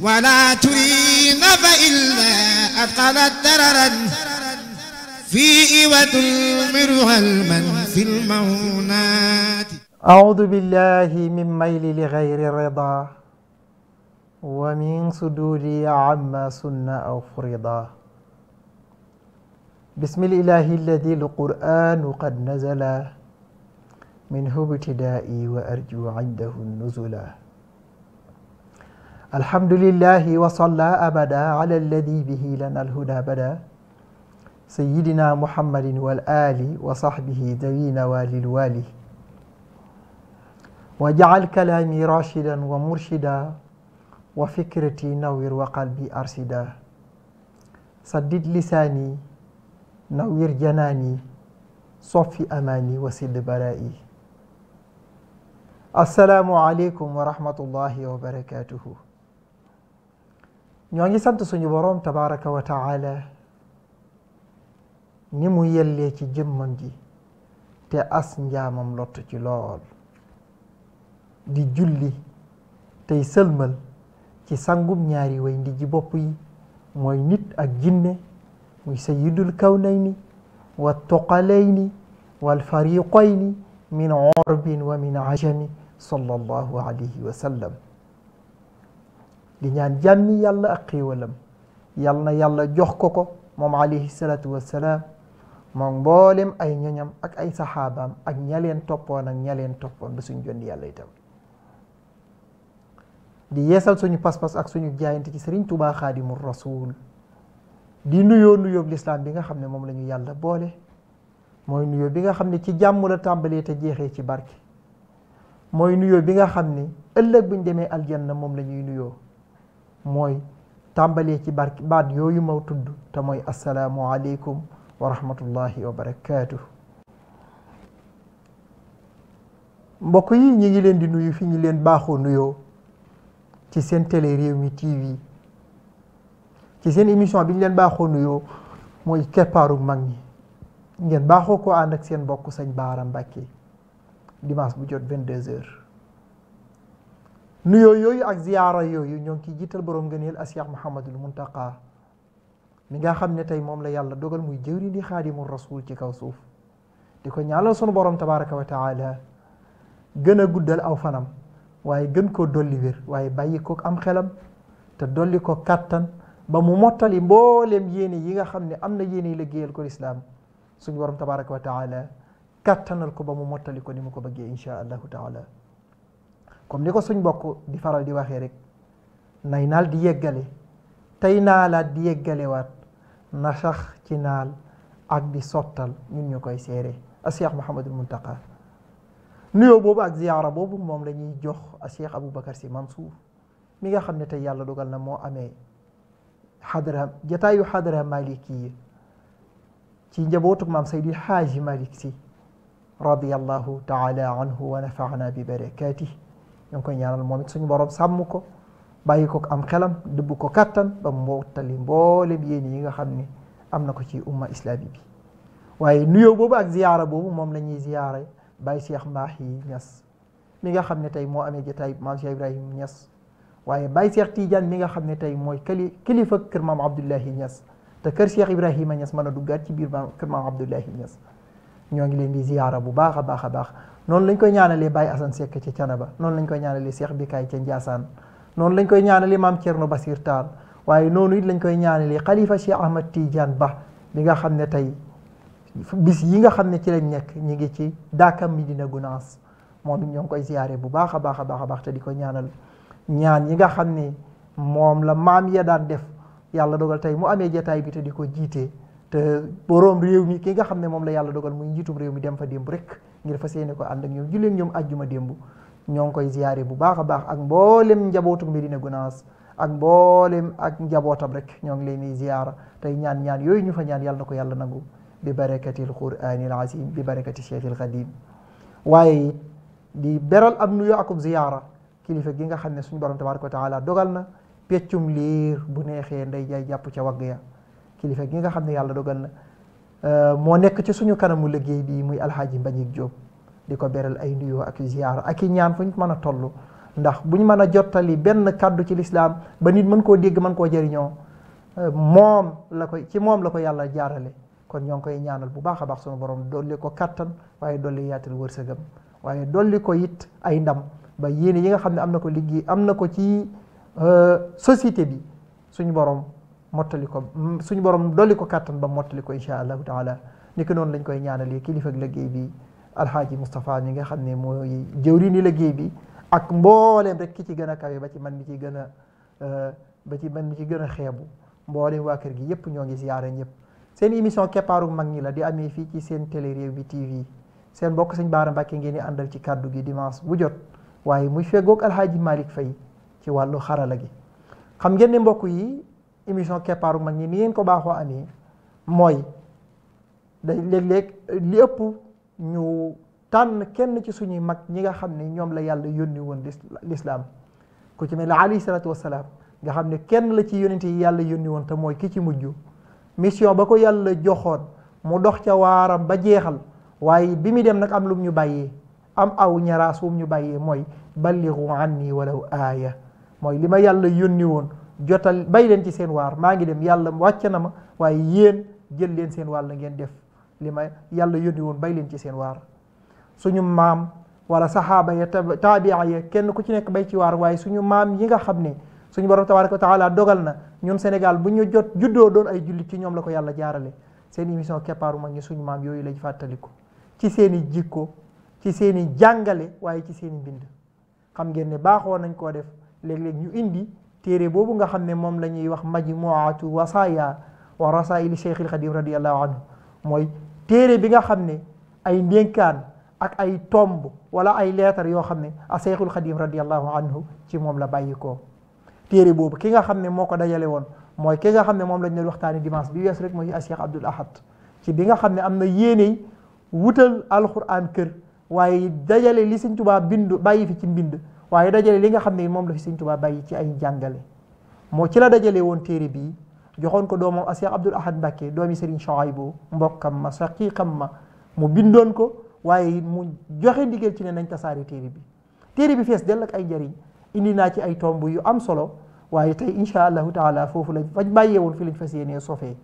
ولا ترين فإلا أثقلت دررا في إوة المرها المن في المونات أعوذ بالله من ميل لغير رضا ومن صدوري عما سن أو فرضا بسم الإله الذي القرآن قد نزل منه ابتدائي وأرجو عنده النزلا alhamdulillahi wa salla abada ala alladi bihi lana alhuda bada sayidina muhammadin wal ali wa sahbihi dawina walil wali wa jacal kalaami rashidan wa murshida wa fikrati nawir wa qalbi arsida saddid lisaani nawir janaani soffi amaani wa sidd baraa'i assalaamu aleykum wa rahmatullahi wa barakatuhu ñoo ngi sant suñu boroom tabaraka wa ni mu yellee ci jëmmam ji te as njaamam lott ci lool di julli tey sëlmal ci sangum ñaari way ndi ji bopp yi mooy nit ak jinne muy sayidul kawnayni wa tuqalayni wal fariqayni min orbin wa min ajami sallallahu alayhi wa di ñaan jàmmi yàlla ak xéewalam yàlla na yàlla jox ko ko moom alayhi salaatu wassalaam moom mboolem ay ñoñam ak ay saxaabaam ak ñaleen toppoon ak ñaleen toppoon ba suñu jond yàlla itam di yeesal suñu pas-pas ak suñu jaayante ci sëriñ tubaa xaadimu rasuul di nuyoo nuyoob lislaam bi nga xam ne moom lañuy yàlla boole mooy nuyoo bi nga xam ne ci jàmm la tàmbalee te jeexee ci barke mooy nuyoo bi nga xam ne ëllëg buñ demee aljanna moom la ñuy nuyoo mooy tàmbalee ci barke baat yooyu ma tudd te mooy asalaamu aleykum wa rahmatullahi mbokk yi ñu ngi leen di nuyu fi ñu leen baaxoo nuyoo ci seen télé réew mi TV ci seen émission bi leen baaxoo nuyoo mooy keppaaru mag ñi ngeen baaxoo ko ànd seen mbokk sëñ Baara Mbàkke dimanche bu jot 22h. nuyoo yooyu ak ziyaara yooyu ñoo ngi ciy jiital borom ngëneel a Cheikh Mouhamadul Muntaqa mi nga xam ne tey moom la yàlla dogal muy jëwri di xaadimu rasul ci kaw suuf di ko ñaanal sunu borom tabaraka wa taala gën a guddal aw fanam waaye gën ko dolli wér waaye bàyyi ko am xelam te dolli ko kattan ba mu mottali mbooleem yéene yi nga xam ne am na yéene yi liggéeyal ko lislaam suñu borom tabaraka wa taala kàttanal ko ba mu mottali ko ni mu ko bëggee insha allahu taala comme ni ko suñ bokk di faral di waxee rek nay naal di yeggale tey naalaat di yeggalewaat na sax ci naal ak di sottal ñun ñu koy seere a cheikh Mouhamadul Muntaqa nuyoo boobu ak ziyaara boobu moom la ñuy jox a cheikh Aboubacar Sy Mansour mi nga xam ne tey yàlla dogal na moo amee xadara jataayu xadara maliki yi ci njabootuk maam Seydi Xaaji Malik Si radiyallahu taala anhu wa nafaana bi barakatih ñoo ngi koy ñaanal moom it suñu borom sàmm ko bàyyi ko am xelam dëbb ko kàttan ba mbootali mboolem yéen yi nga xam ni am na ko ci umma islami bi waaye nuyoo boobu ak ziyaara boobu moom la ñuy ziyaara Baye Cheikh Mahi Niass mi nga xam ne tey moo amee jotaay maam Cheikh Ibrahim Niass waaye Baye Cheikh Tidiane mi nga xam ne tey mooy kali kilifa kër maam Abdullahi Niass te kër Cheikh Ibrahima Niass mën a duggaat ci biir maam kër maam Abdullahi Niass ñoo ngi leen di ziyaara bu baax a baax a baax noonu lañ ko ñaanalee Baye Assane Seck ca Canaba noonu lañ koy ñaanalee Cheikh Bikaay ca Ndiassane noonu lañ koy ñaanalee maam Thierno Basir Tall waaye noonu it lañ koy ñaanalee Khalifa Cheikh Ahmad Tidiane Ba bi nga xam ne tey bis yi nga xam ne ci lañ nekk ñu ngi ci Daaka Medina Gounass moom ñoo ngi koy ziyaare bu baax baax a baax a baax te di ko ñaanal ñaan yi nga xam ne moom la maam ya daan def yàlla dogal tey mu amee jataay bi te di ko jiitee te boroom réew mi ki nga xam ne moom la yàlla dogal muy njiitum réew mi dem fa démb rek ngir fas yéene ko ànd ak ñoom julleen ñoom àjjuma démb ñoo ngi koy ziyaare bu baax a baax ak mboolem njabootu Medina Gunaas ak mboolem ak njabootam rek ñoo ngi leen di ziyaara tey ñaan ñaan yooyu ñu fa ñaan yàlla na ko yàlla nangu bi barakatil quraanil aziim bi barakati cheikhil xadim waaye di beral ab nuyoo akub ziyaara kilifa gi nga xam ne suñu borom tabaaraka wa taala dogal na peccum liir bu neexee nday jaay jàpp ca wagg ya kilifa gi nga xam ne yàlla dogal na euh, moo nekk ci suñu kanamu liggéey bi muy alxaaji Mbagnick Diop di ko beral ay nuyoo ak ziyaara ak i ñaan fu ñu mën a toll ndax bu ñu mën a jottali benn kàddu ci lislaam ba nit mën koo dégg mën koo jariñoo euh, moom la ko ci moom la ko yàlla jaarale kon ñoo ngi koy ñaanal bu baax a baax suñu borom dolli ko kàttan waaye dolli yaatal wërsëgam waaye dolli ko it ay ndam ba yéene yi nga xam ne am na ko liggéey am na ko ci euh, société bi suñu borom mottali ko mm, suñu borom dolli ko kàttan ba mottali ko incha allahu taala ni ko noonu lañ koy ñaanalee kilifa ak liggéey bi alxaaji Moustapha mi nga xam ne mooy jëwri ni liggéey bi ak mbooleem rek ki ci gën a kawe ba ci man mi ci gën a euh, ba ci man mi ci gën a xeebu mboolem waa kër gi yëpp ñoo ngi ziyaare ñëpp seen émission keppaaru mag ñi la di amee fii ci seen télé réew mi TV seen mbokk sëñ Baara Mbàkke ngeen di àndal ci kàddu gi dimanche bu jot waaye muy feggoog alxaaji Malick Faye ci wàllu xarala gi xam yi émission keppaaru mag ñi ni ngeen ko baaxoo amee mooy day li ëpp ñu tànn kenn ci suñuy mag ñi nga xam ne ñoom la yàlla yónni woon lislaam ku ci mel ne alayhi salaatu wasalaam nga xam ne kenn la ci yónent yi yàlla yónni woon te mooy ki ci mujj mission ba ko yàlla joxoon mu dox ca waaram ba jeexal waaye bi mu dem nag am lum ñu bàyyee am aw ñaraas ñu bàyyee mooy balligu anni walaw aaya mooy li ma yàlla yónni woon jotal bay leen ci seen waar maa ngi dem yàlla wàcce na ma waaye yéen jël leen seen wàll ngeen def li ma yàlla yónni woon bay leen ci seen waar suñu maam wala saxaaba ya taabia ya kenn ku ci nekk bay ci waar waaye suñu maam yi nga xam ne suñu borom tabaraka wa taala dogal na ñun Sénégal bu ñu jot juddoo doon ay jullit ci ñoom la ko yàlla jaarale seen émission keppaaru mag ñi suñu maam yooyu lañ fàttaliku ci seeni i jikko ci seen i jàngale waaye ci seen i mbind xam ngeen ne baaxoo nañ koo def léeg-léeg ñu indi téere boobu nga xam ne moom la ñuy wax majmuatu wasaaya wa rasaili cheikh il xadim radiallahu anhu mooy téere bi nga xam ne ay ndénkaan ak ay tomb wala ay leetar yoo xam ne a cheikhul xadim radiallahu anhu ci moom la bàyyi ko téere boobu ki nga xam ne moo ko dajale woon mooy ki nga xam ne moom lañ doon waxtaani dimanche bi wees rek mooy a cheikh abdul ahad ci bi nga xam ne am na yéene wutal alquran kër waaye dajale li sëñ Tuubaa bindu bàyyi fi ci mbind waaye dajale li nga xam ne moom la fi Sëñ Tuubaa ci ay jàngale moo ci la dajale woon téere bii joxoon ko doomam Cheikh Abdoul Ahad Mbacké doomi Sëriñ Chouaïbou mbokkam ma saqiiqam ma mu bindoon ko waaye mu joxe ndigal ci ne nañ tasaare téere bi téere bi fees dell ak ay njariñ indi naa ci ay tomb yu am solo waaye tey incha allahu taala foofu lañ fañ bàyyee woon fi fas yéenee sofee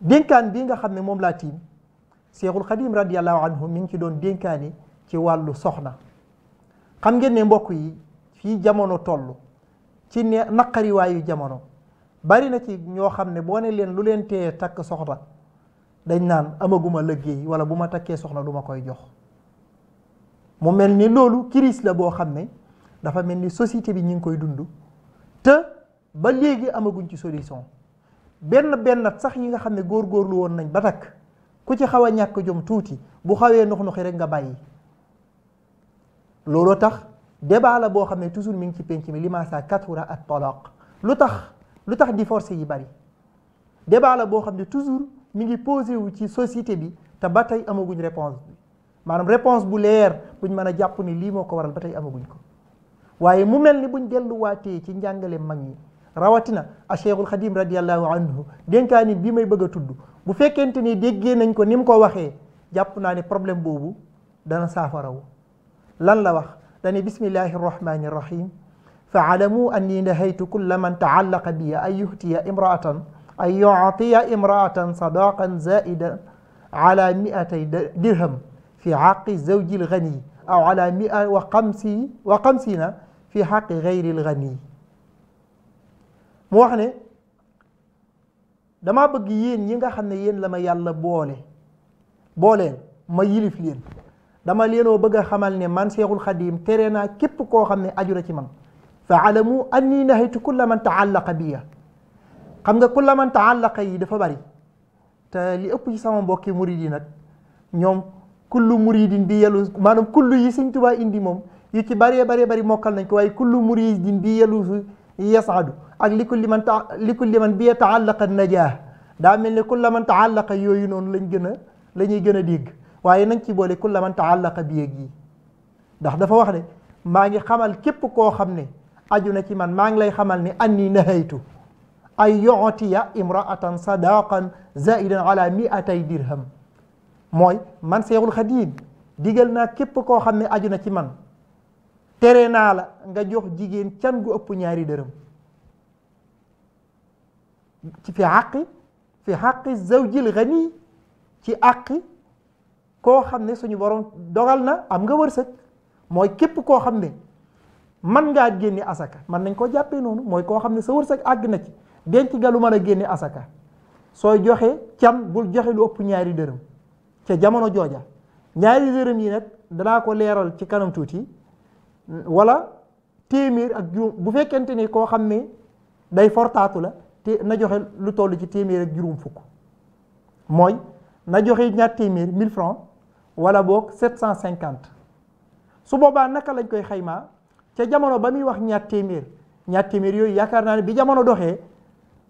dénkaan bii nga xam ne moom laa tiim Seexul Xadim radiallahu anhu mi ngi ci doon dénkaani ci wàllu soxna xam ngeen ne mbokk yi fii jamono toll ci ne naqariwaayu jamono bari na ci ñoo xam ne boo ne leen lu leen teeye takk soxna dañ naan amaguma liggéey wala bu ma takkee soxna duma koy jox mu mel ni loolu crise la boo xam ne dafa mel ni société bi ñu ngi koy dund te ba léegi amaguñ ci solution benn benn sax yi nga xam ne góor góorlu woon nañ ba takk ku ci xaw a ñàkk jom tuuti bu xawee nux nuxi rek nga bàyyi looloo tax débat boo xam ne toujours mi ngi ci penc mi li ma saa katura at talaq lu tax lu tax divorce yi bari débat boo xam ne toujours mi ngi posé wu ci société bi te ba tey amaguñ réponse bi maanaam réponse bu leer buñ mën a jàpp ni lii moo ko waral ba tey amaguñ ko waaye mu mel ni buñ delluwaatee ci njàngale mag ñi rawatina a cheikhul xadim radiallahu anhu dénkaani bii may bëgg a tudd bu fekkente ni déggee nañ ko ni mu ko waxee jàpp naa ne problème boobu dana saafarawu lan la wax dani bismillahi irrahmani irrahim faalamu anni nahaytu kulla man taallaqa biya an yuhtiya imraatan an yuctiya imraatan sadaqan zaidan ala miatay dirham fi xaqi zawji lganiyi aw ala mia wa xamsi wa xamsina fi xaqi gayri lganiyi mu wax ne dama bëgg yéen yi nga xam ne yéen la ma yàlla boole booleen ma yilif leen dama leenoo bëgg a xamal ne man seexul xadim tere naa képp koo xam ne aju na ci man fa alamu anni nahaytu kulla man taallaqa biya xam nga kulla man taallaqa yi dafa bari te li ëpp ci sama mbokki murid yi nag ñoom kullu muridin bi yelu maanaam kullu yi sintu Tuubaa indi moom yu ci baree baree bari mokkal nañ ko waaye kullu muridin bi yelu yasaadu ak li kulli man ta li kulli man bi yataallaqa daa mel ne kulla man taallaqa yooyu noonu lañ gën a la ñuy gën a dégg waaye nañ ci boole kulla man taallaqa bi yéeg yi ndax dafa wax ne maa ngi xamal képp koo xam ne aju na ci man maa ngi lay xamal ne anni nahaytu ay yootiya imraatan sadaqan zaidan ala miatay dirham mooy man seexul xadiim digal na képp koo xam ne aju na ci man tere naa la nga jox jigéen can gu ëpp ñaari dërëm ci fi xaqi fi xaqi zawjil gani ci àqi koo xam ne suñu borom dogal na am nga wërsëg mooy képp koo xam ne man ngaa génne asaka man nañ koo jàppee noonu mooy koo xam ne sa wërsëg àgg na ci denc nga lu mën a génne asaka sooy joxee cam bu joxe lu ëpp ñaari dërëm ca jamono jooja ñaari dërëm yi nag danaa ko leeral ci kanam tuuti wala téeméer ak juróom bu fekkente ni koo xam ne day fortaatu la te na joxe lu toll ci téeméer ak juróom fukk mooy na joxe ñaar téeméer 1000 francs wala boog 750 su boobaa naka lañ koy xaymaa ca jamono ba muy wax ñaar téeméer téeméer yooyu yaakaar naa ne bi jamono doxee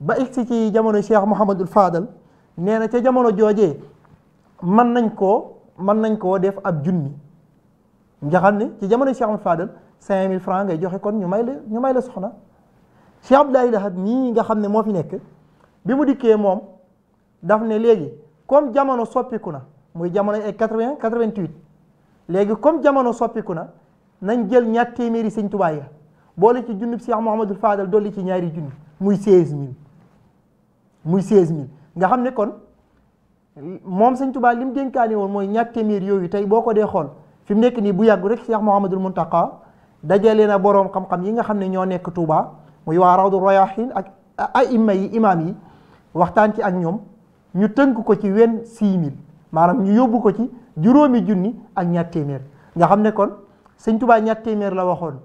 ba egsi ci jamono Cheikh Mouhamadul Fadal nee na ca jamono joojee mën nañ koo mën nañ koo def ab junni nga xam ne ci jamono Cheikh Mouhamadul Fadal 5000 francs ngay joxe kon ñu may la ñu may la soxna Cheikh Abdoulaye Lahad nii nga xam ne moo fi nekk bi mu dikkee moom daf ne léegi comme jamono soppiku na. muy jamono ay quatre-vingt quatre-vingt-huit léegi comme jamono soppiku na nañ jël ñaar téeméeri sëñ Tuubaa ya boole ci junnib Cheikh Mouhamadul Fadal dolli ci ñaari junni muy seize mille muy seize mille nga xam ne kon moom sëñ Tuubaa li mu dénkaane woon mooy ñaar téeméer yooyu tey boo ko dee xool fi nekk nii bu yàggu rek Cheikh Mouhamadul Muntaqa dajale na boroom xam-xam yi nga xam ne ñoo nekk Touba muy waa Rawdu Rayahin ak aïma yi imaam yi waxtaan ci ak ñoom ñu tënk ko ci wenn six mille maanaam ñu yóbbu ko ci juróomi junni ak ñaar téeméer nga xam ne kon sëñ Tuubaa ñaar téeméer la waxoon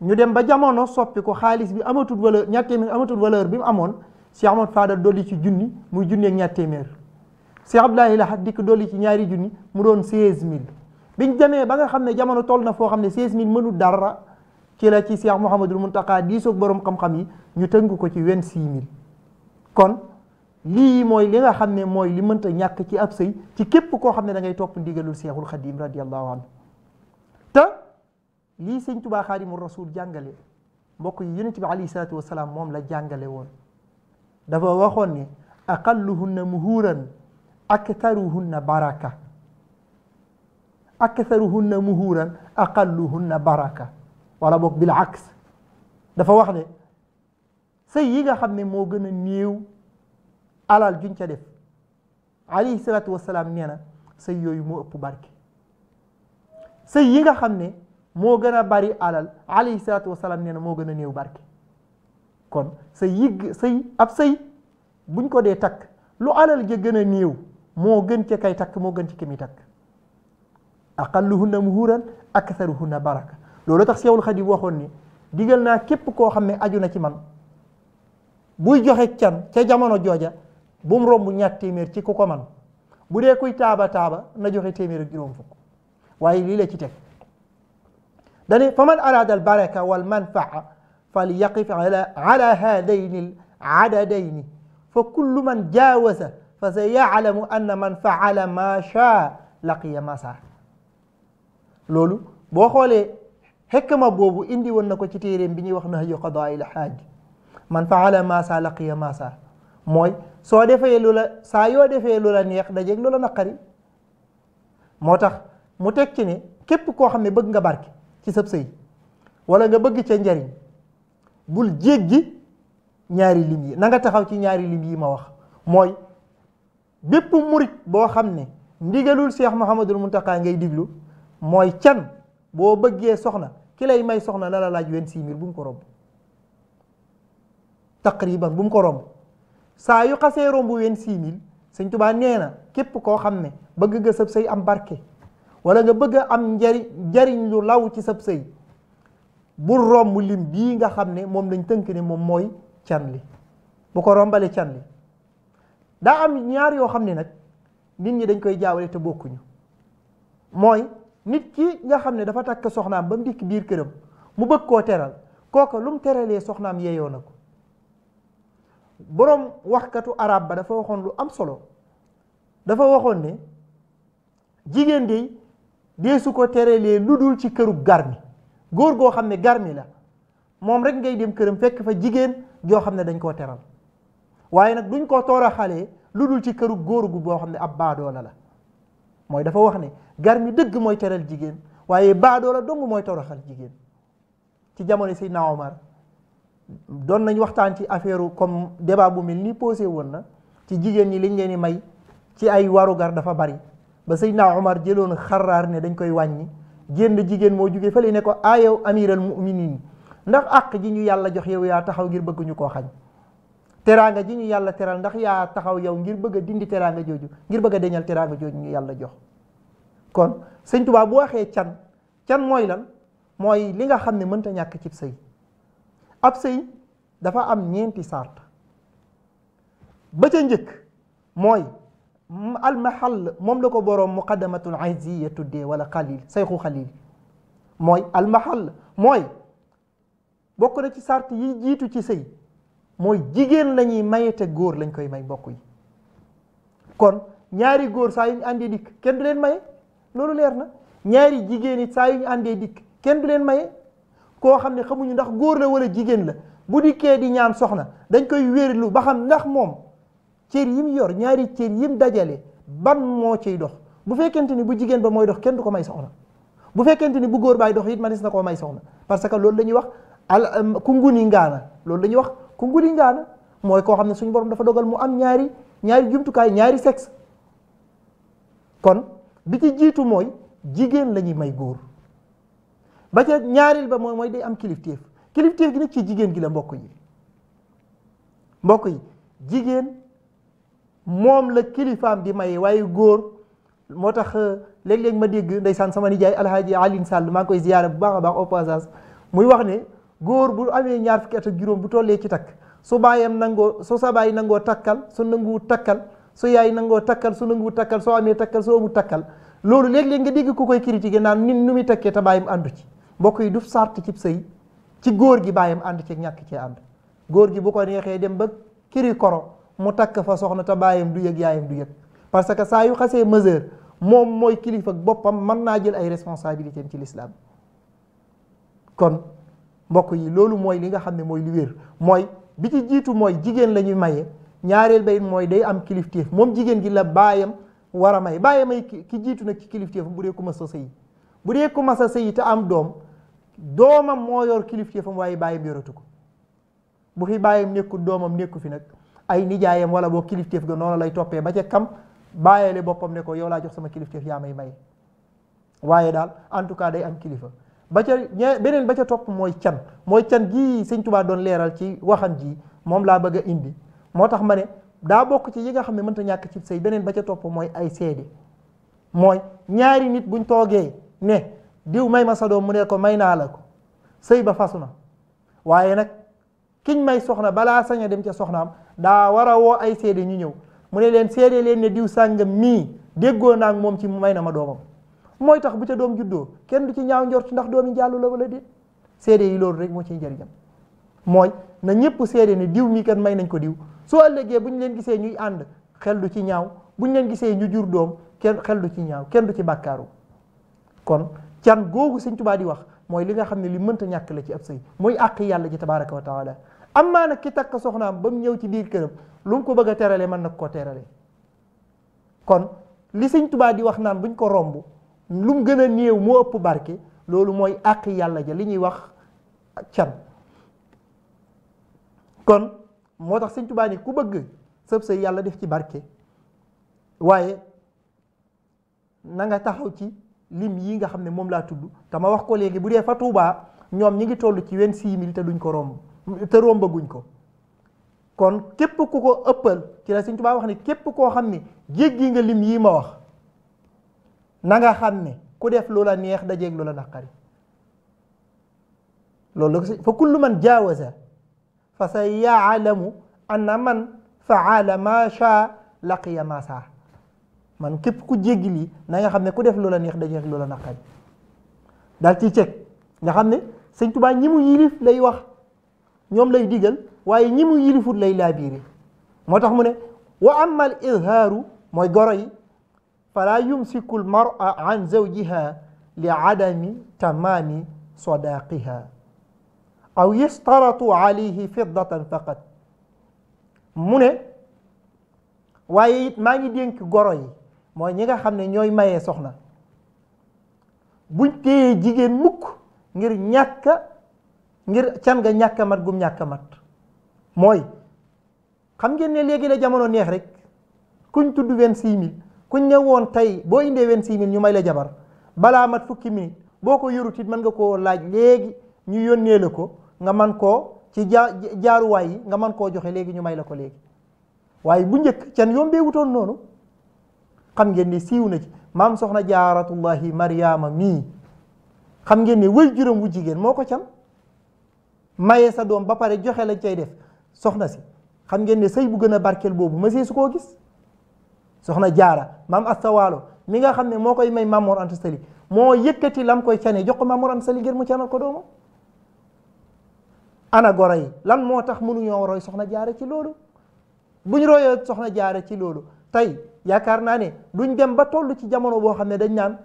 ñu dem ba jamono soppi ko xaalis bi amatul valeur ñaar téeméer amatul valeur bi mu amoon Cheikh Ahmad Fadal dolli ci junni muy junni ak ñaar téeméer Cheikh Abdoulaye Lahat dikk dolli ci ñaari junni mu doon 16000 biñ demee ba nga xam ne jamono toll na foo xam ne 16000 mënul dara ci la ci Cheikh Mouhamadul Mountakha diisoog borom xam-xam yi ñu tënk ko ci 26000 kon. lii mooy li nga xam ne mooy li mënta ñàkk ci ab sëy ci képp koo xam ne da ngay topp ndigalul seexul xadim radiallahu anhu te lii sëñ tubaa xaadimu rasul jàngale mbokk yi yonente bi alayhi salaatu wasalaam moom la jàngale woon dafa waxoon ne aqalluhunna muhuuran aktaruhunna baraka aktaruhunna muhuuran aqalluhunna baraka wala boog bil aks dafa wax ne sëy yi nga xam ne moo gën a néew alal juñ ca def alayhi salaatu wasalaam nee na sëy yooyu moo ëpp barke sëy yi nga xam ne moo gën a bari alal alayhi salaatu wasalaam nee na moo gën a néew barke kon sëy yi sëy ab sëy buñ ko dee takk lu alal ja gën a néew moo gën ca kay takk moo gën ci ki muy takk aqalluhunna muhuran aktharuhunna baraka loolu tax Seexul Xadiim waxoon ni digal naa képp koo xam ne aju na ci man buy joxe can ca jamono jooja bu mu romb ñaat téeméer ci ku ko man bu dee kuy taaba taaba na joxe téeméer ak fukk waaye lii la ci teg dani fa man araada al baraka wal manfaa fal yaqif ala haadayni al adadayni fa kullu man jaawasa fa sa yaalamu anna man faala ma shaa laqiya ma saa loolu boo xoolee xekma boobu indi woon na ko ci téeréem bi ñuy wax nahyu qadaa'il haaj man faala ma saa laqiya mooy soo defee lu la saa yoo defee lu la neex dajeeg lu la naqari moo tax mu teg ci ne képp koo xam ne bëgg nga barke ci sab sëy wala nga bëgg ca njariñ bul jéggi ñaari lim yi na nga taxaw ci ñaari lim yi ma wax mooy bépp murit boo xam ne ndigalul Cheikh Mouhamadul takkaay ngay diglu mooy can boo bëggee soxna ki lay may soxna la la laaj vingt-six mille bu mu ko romb taqriban bu mu ko romb saa yu xasee romb wenn six mille sëñ tubaa nee na képp koo xam ne bëgg nga sëb sëy am barke wala nga bëgg a am njariñ njariñ lu law ci sab sëy bul romb lim bii nga xam ne moom lañ tënk ne moom mooy can li bu ko rombalee can li daa am ñaar yoo xam ne nag nit ñi dañ koy jaawale te bokkuñu mooy nit ki nga xam ne dafa takk soxnaam ba mu dikk biir këram mu bëgg koo teral kooka lu mu teralee soxnaam yeeyoo na ko boroom waxkatu arab ba dafa waxoon lu am solo dafa waxoon ne jigéen de deesu ko terelee lu dul ci këru garmi góor goo xam ne garmi la moom rek ngay dem këram fekk fa jigéen joo xam ne dañ koo teral waaye nag duñ ko tooraxalee lu dul ci këru góor gu boo xam ne ab baadoola la mooy dafa wax ne garmi dëgg mooy teral jigéen waaye baadoola dong mooy tooraxal jigéen ci jamono Seydina Omar doon nañ waxtaan ci affaire comme débat bu mel ni posé woon na ci jigéen ñi liñ leen di may ci ay warugar dafa bari ba sëy naa Omar jëloon xaraar ne dañ koy wàññi génn jigéen moo jóge fële ne ko ayow ah, amiral muminin ndax àq ji ñu yàlla jox yow yaa taxaw ngir bëgg ñu koo xañ teraanga ji ñu yàlla teral ndax yaa taxaw yow ngir bëgg dindi teraanga jooju ngir bëgg a deñal teraanga jooju ñu yàlla jox kon sëñ Tuubaa bu waxee can can mooy lan mooy li nga xam ne mënta ñàkk cib sëy ab sëy dafa am ñeenti sart ba ca njëkk mooy almahal moom da ko boroom muqaddamatul izziya tuddee wala xalil sayxu xalil mooy almahal mooy bokk na ci sart yi jiitu ci sëy mooy jigéen lañuy maye te góor lañ koy may bokk yi kon ñaari góor saa yu ñu àndee dikk kenn du leen maye loolu leer na ñaari jigéen it saa yu kenn du leen maye koo xam ne xamuñu ndax góor la war a jigéen la bu dikkee di ñaan soxna dañ koy wérlu ba xam ndax moom cër yim yor ñaari cër yim dajale ban moo ciy dox bu fekkente ni bu jigéen ba mooy dox kenn du ko may soxna bu fekkente ni bu góor baay dox it manis na koo may soxna parce que loolu lañuy wax al um, ku nguni ngaana loolu la wax ku nguni ngaana mooy koo xam ne suñu borom dafa dogal mu am ñaari ñaari jumtukaay ñaari sexe kon bi ci jiitu mooy jigéen la ñuy may góor ba ca ñaareel ba mooy mooy day am kilifteef kilifteef gi nag ci jigéen gi la mbokk yi mbokk yi jigéen moom la kilifaam di maye waaye góor moo tax euh, léeg-léeg ma dégg ndeysaan sama nijaay alhaaji Alioune Sall maa ngi koy ziyaara bu baax a baax au passage muy wax ne góor bu amee ñaar fukki at ak juróom bu tollee ci takk su baayam nangoo soo sa baay nangoo takkal su nanguwu takkal su yaay nangoo takkal su nanguwu takkal soo amee takkal soo amul takkal loolu léeg-léeg nga dégg ku koy critiquer naan nit nu muy takkee te baayam àndu ci mbokk yi du sart cib sëy ci góor gi baayam ànd ci ñàkk ci ànd góor gi bu ko neexee dem ba kiri koro mu takk fa soxna te bàyyam du yëg yaayam du yëg parce que saa yu xasee mesure moom mooy kilifa boppam mën naa jël ay responsabilité ci lislaam kon mbokk yi loolu mooy li nga xam ne mooy lu wér mooy bi ci jiitu mooy jigéen la ñuy maye ñaareel bay mooy day am kilifteef moom jigéen gi la baayam war a may baayam ay ki jiitu nag ci kilifteef bu dee ku mas a bu dee ku mas a sëyi am doom doomam moo yor kilifteefam waaye bàyyam yoratu ko bu fi bàyyam nekkul doomam nekku fi nag ay nijaayam wala boo kilifteef ga noonu lay toppee ba ca kam bàyyale boppam ne ko yow laa jox sama kilifteef yaa may may waaye daal en tout cas day am kilifa ba ca beneen ba ca topp mooy can mooy can gi sëñ doon leeral ci waxan ji moom laa bëgg a indi moo tax ma ne daa bokk ci yi nga xam ne mënta ñàkk ci sëy beneen ba ca topp mooy ay seede mooy ñaari nit buñ toogee ne diw may ma sa doom mu ne ko may naa la ko sëy ba fasu na waaye nag kiñ may soxna balaa sañ a dem ca soxnaam daa war a woo ay seede ñu ñëw mu ne leen seede leen ne diw sàngam mii déggoo naa ak moom ci may na ma doomam mooy tax bu ca doom juddoo kenn du ci ñaaw njort ndax doomi jàllu la wala déet seede yi loolu rek moo ciy njëriñam mooy na ñëpp seede ne diw mii kat may nañ ko diw soo ëllëgee bu ñu leen gisee ñuy ànd xel du ci ñaaw bu ñu leen gisee ñu jur doom kenn xel du ci ñaaw kenn du ci bàkkaaru kon can googu sëñ Tuubaa di wax mooy li nga xam ne li mënta ñàkk la ci ab sëy mooy àq yàlla ji tabaaraka wa taala amaa nag ki takk soxnaam ba mu ñëw ci biir këram lu mu ko bëgg a terale mën na koo terale kon li sëñ Tuubaa di wax naan buñ ko romb lu mu gën a néew moo ëpp barke loolu mooy àq yàlla ja li ñuy wax can kon moo tax sëñ Tuubaa ni ku bëgg sëb sëy yàlla def ci barke waaye nanga nga taxaw ci lim yi nga xam ne moom laa tudd tama wax ko léegi bu dee fa Touba ñoom ñi ngi toll ci vingt-six mille te duñ ko romb te rombaguñ ko kon képp ku ko ëppal ki la Sëñ Touba wax ne képp koo xam ne jéggi nga lim yii ma wax na nga xam ne ku def loola neex dajeeg loola naqari loolu la fa kullu man jaawaza fa sa yaalamu anna man faala ma shaa laqiya ma saa man képp ku jéggi lii na nga xam ne ku def loola neex daje ak loola naqari daal ciy ceeg nga xam ne sëñ Tuubaa ñi mu yilif lay wax ñoom lay digal waaye ñi mu yilifut lay laabiire moo tax mu ne wa amma al mooy goro yi fala yumsiku al mar'a an zawjiha li adami tamaami sadaqiha aw yastaratu alayhi fiddatan faqat mu ne waaye it maa ngi dénk goro yi mooy ñi nga xam ne ñooy mayee soxna buñ téyee jigéen mukk ngir ñàkk ngir can nga ñàkk mat gum ñàkk mat mooy xam ngeen ne léegi la jamono neex rek kuñ tudd vingt-six mille kuñ ne woon tey boo indee vingt-six mille ñu may la jabar balaa mat fukki minute boo ko yorut it mën nga koo laaj léegi ñu yónnee la ko nga man koo ci jaa jaaruwaay yi nga man koo joxe léegi ñu may la ko léegi waaye bu njëkk can yombee wutoon noonu xam ngeen ne siiw na ci maam soxna jaaratullahi mariama mii xam ngeen ne wëy juróom wu jigéen moo ko can maye sa doom ba pare joxe lañ cay def soxna si xam ngeen ne sëy bu gën a barkeel boobu ma see su koo gis soxna jaara maam astawaalo mi nga xam ne moo koy may Maam Mor Anta Sali moo yëkkati lam koy cane jox ko Maam am Anta Sali ngir mu canal ko doomam ana goro yi lan moo tax mënuñoo roy soxna jaara ci loolu buñ royee soxna jaara ci loolu tey yaakaar naa ne duñ dem ba toll ci jamono boo xam ne dañ naan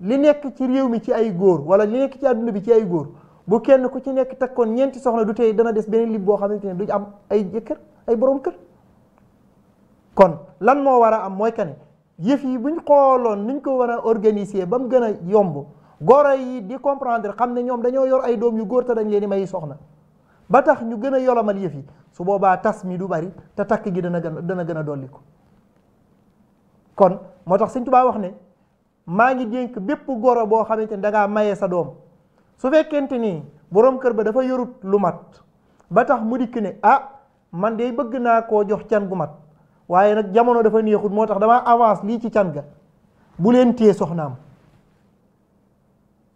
li nekk ci réew mi ci ay góor wala li nekk ci àdduna bi ci ay góor bu kenn ku ci nekk takkoon ñeenti soxna du tey dana des beneen lim boo xamante ne duñ am ay jëkkër ay borom kër kon lan moo war a am mooy kane yëf yi buñ xooloon nuñ ko war a organiser ba mu gën a yomb goro yi di comprendre xam ne ñoom dañoo yor ay doom yu góor te dañ leen di may soxna ba tax ñu gën a yolomal yëf yi su boobaa tas mi du bari te takk gi dana gën dana gën a dolli ko kon moo tax sëñ Tuubaa wax ne maa ngi dénk bépp goro boo xamante ni dangaa ngaa maye sa doom su fekkente ni boroom kër ba dafa yorut lu mat ba tax mu dikk ne ah man de bëgg naa koo jox can gu mat waaye nag jamono dafa neexut moo tax damaa avance lii ci can ga bu leen téye soxnaam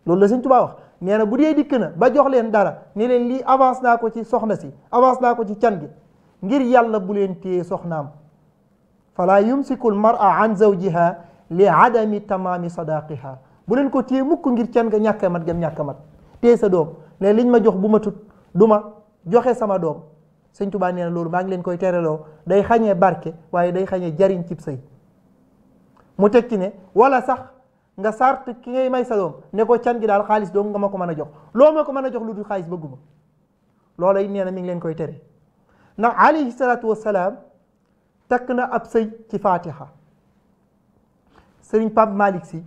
loolu la sëñ Tuubaa wax nee na bu dee dikk na ba jox leen dara ne leen lii avance naa ko ci soxna si avance naa ko ci can gi ngir yàlla bu leen téye soxnaam. fala yumsiku almara an zawjiha li adami tamaami sadaqiha bu leen ko téye mukk ngir can nga ñàkk mat gam ñàkk mat téye sa doom ne liñ ma jox bu ma tut du ma joxe sama doom sëñ Tuubaa nee na loolu maa ngi leen koy tereloo day xañee barke waaye day xañee jariñ cib sëy mu teg ci ne wala sax nga sart ki ngay may sa doom ne can gi daal xaalis doom nga ma ko mën a jox loo ma ko mën a jox lu dul xaalis bëgguma loola it nee na mi ngi leen koy tere ndax alayhi salaatu wassalaam takk na ab sëy ci faatiha sëriñ Pape malik si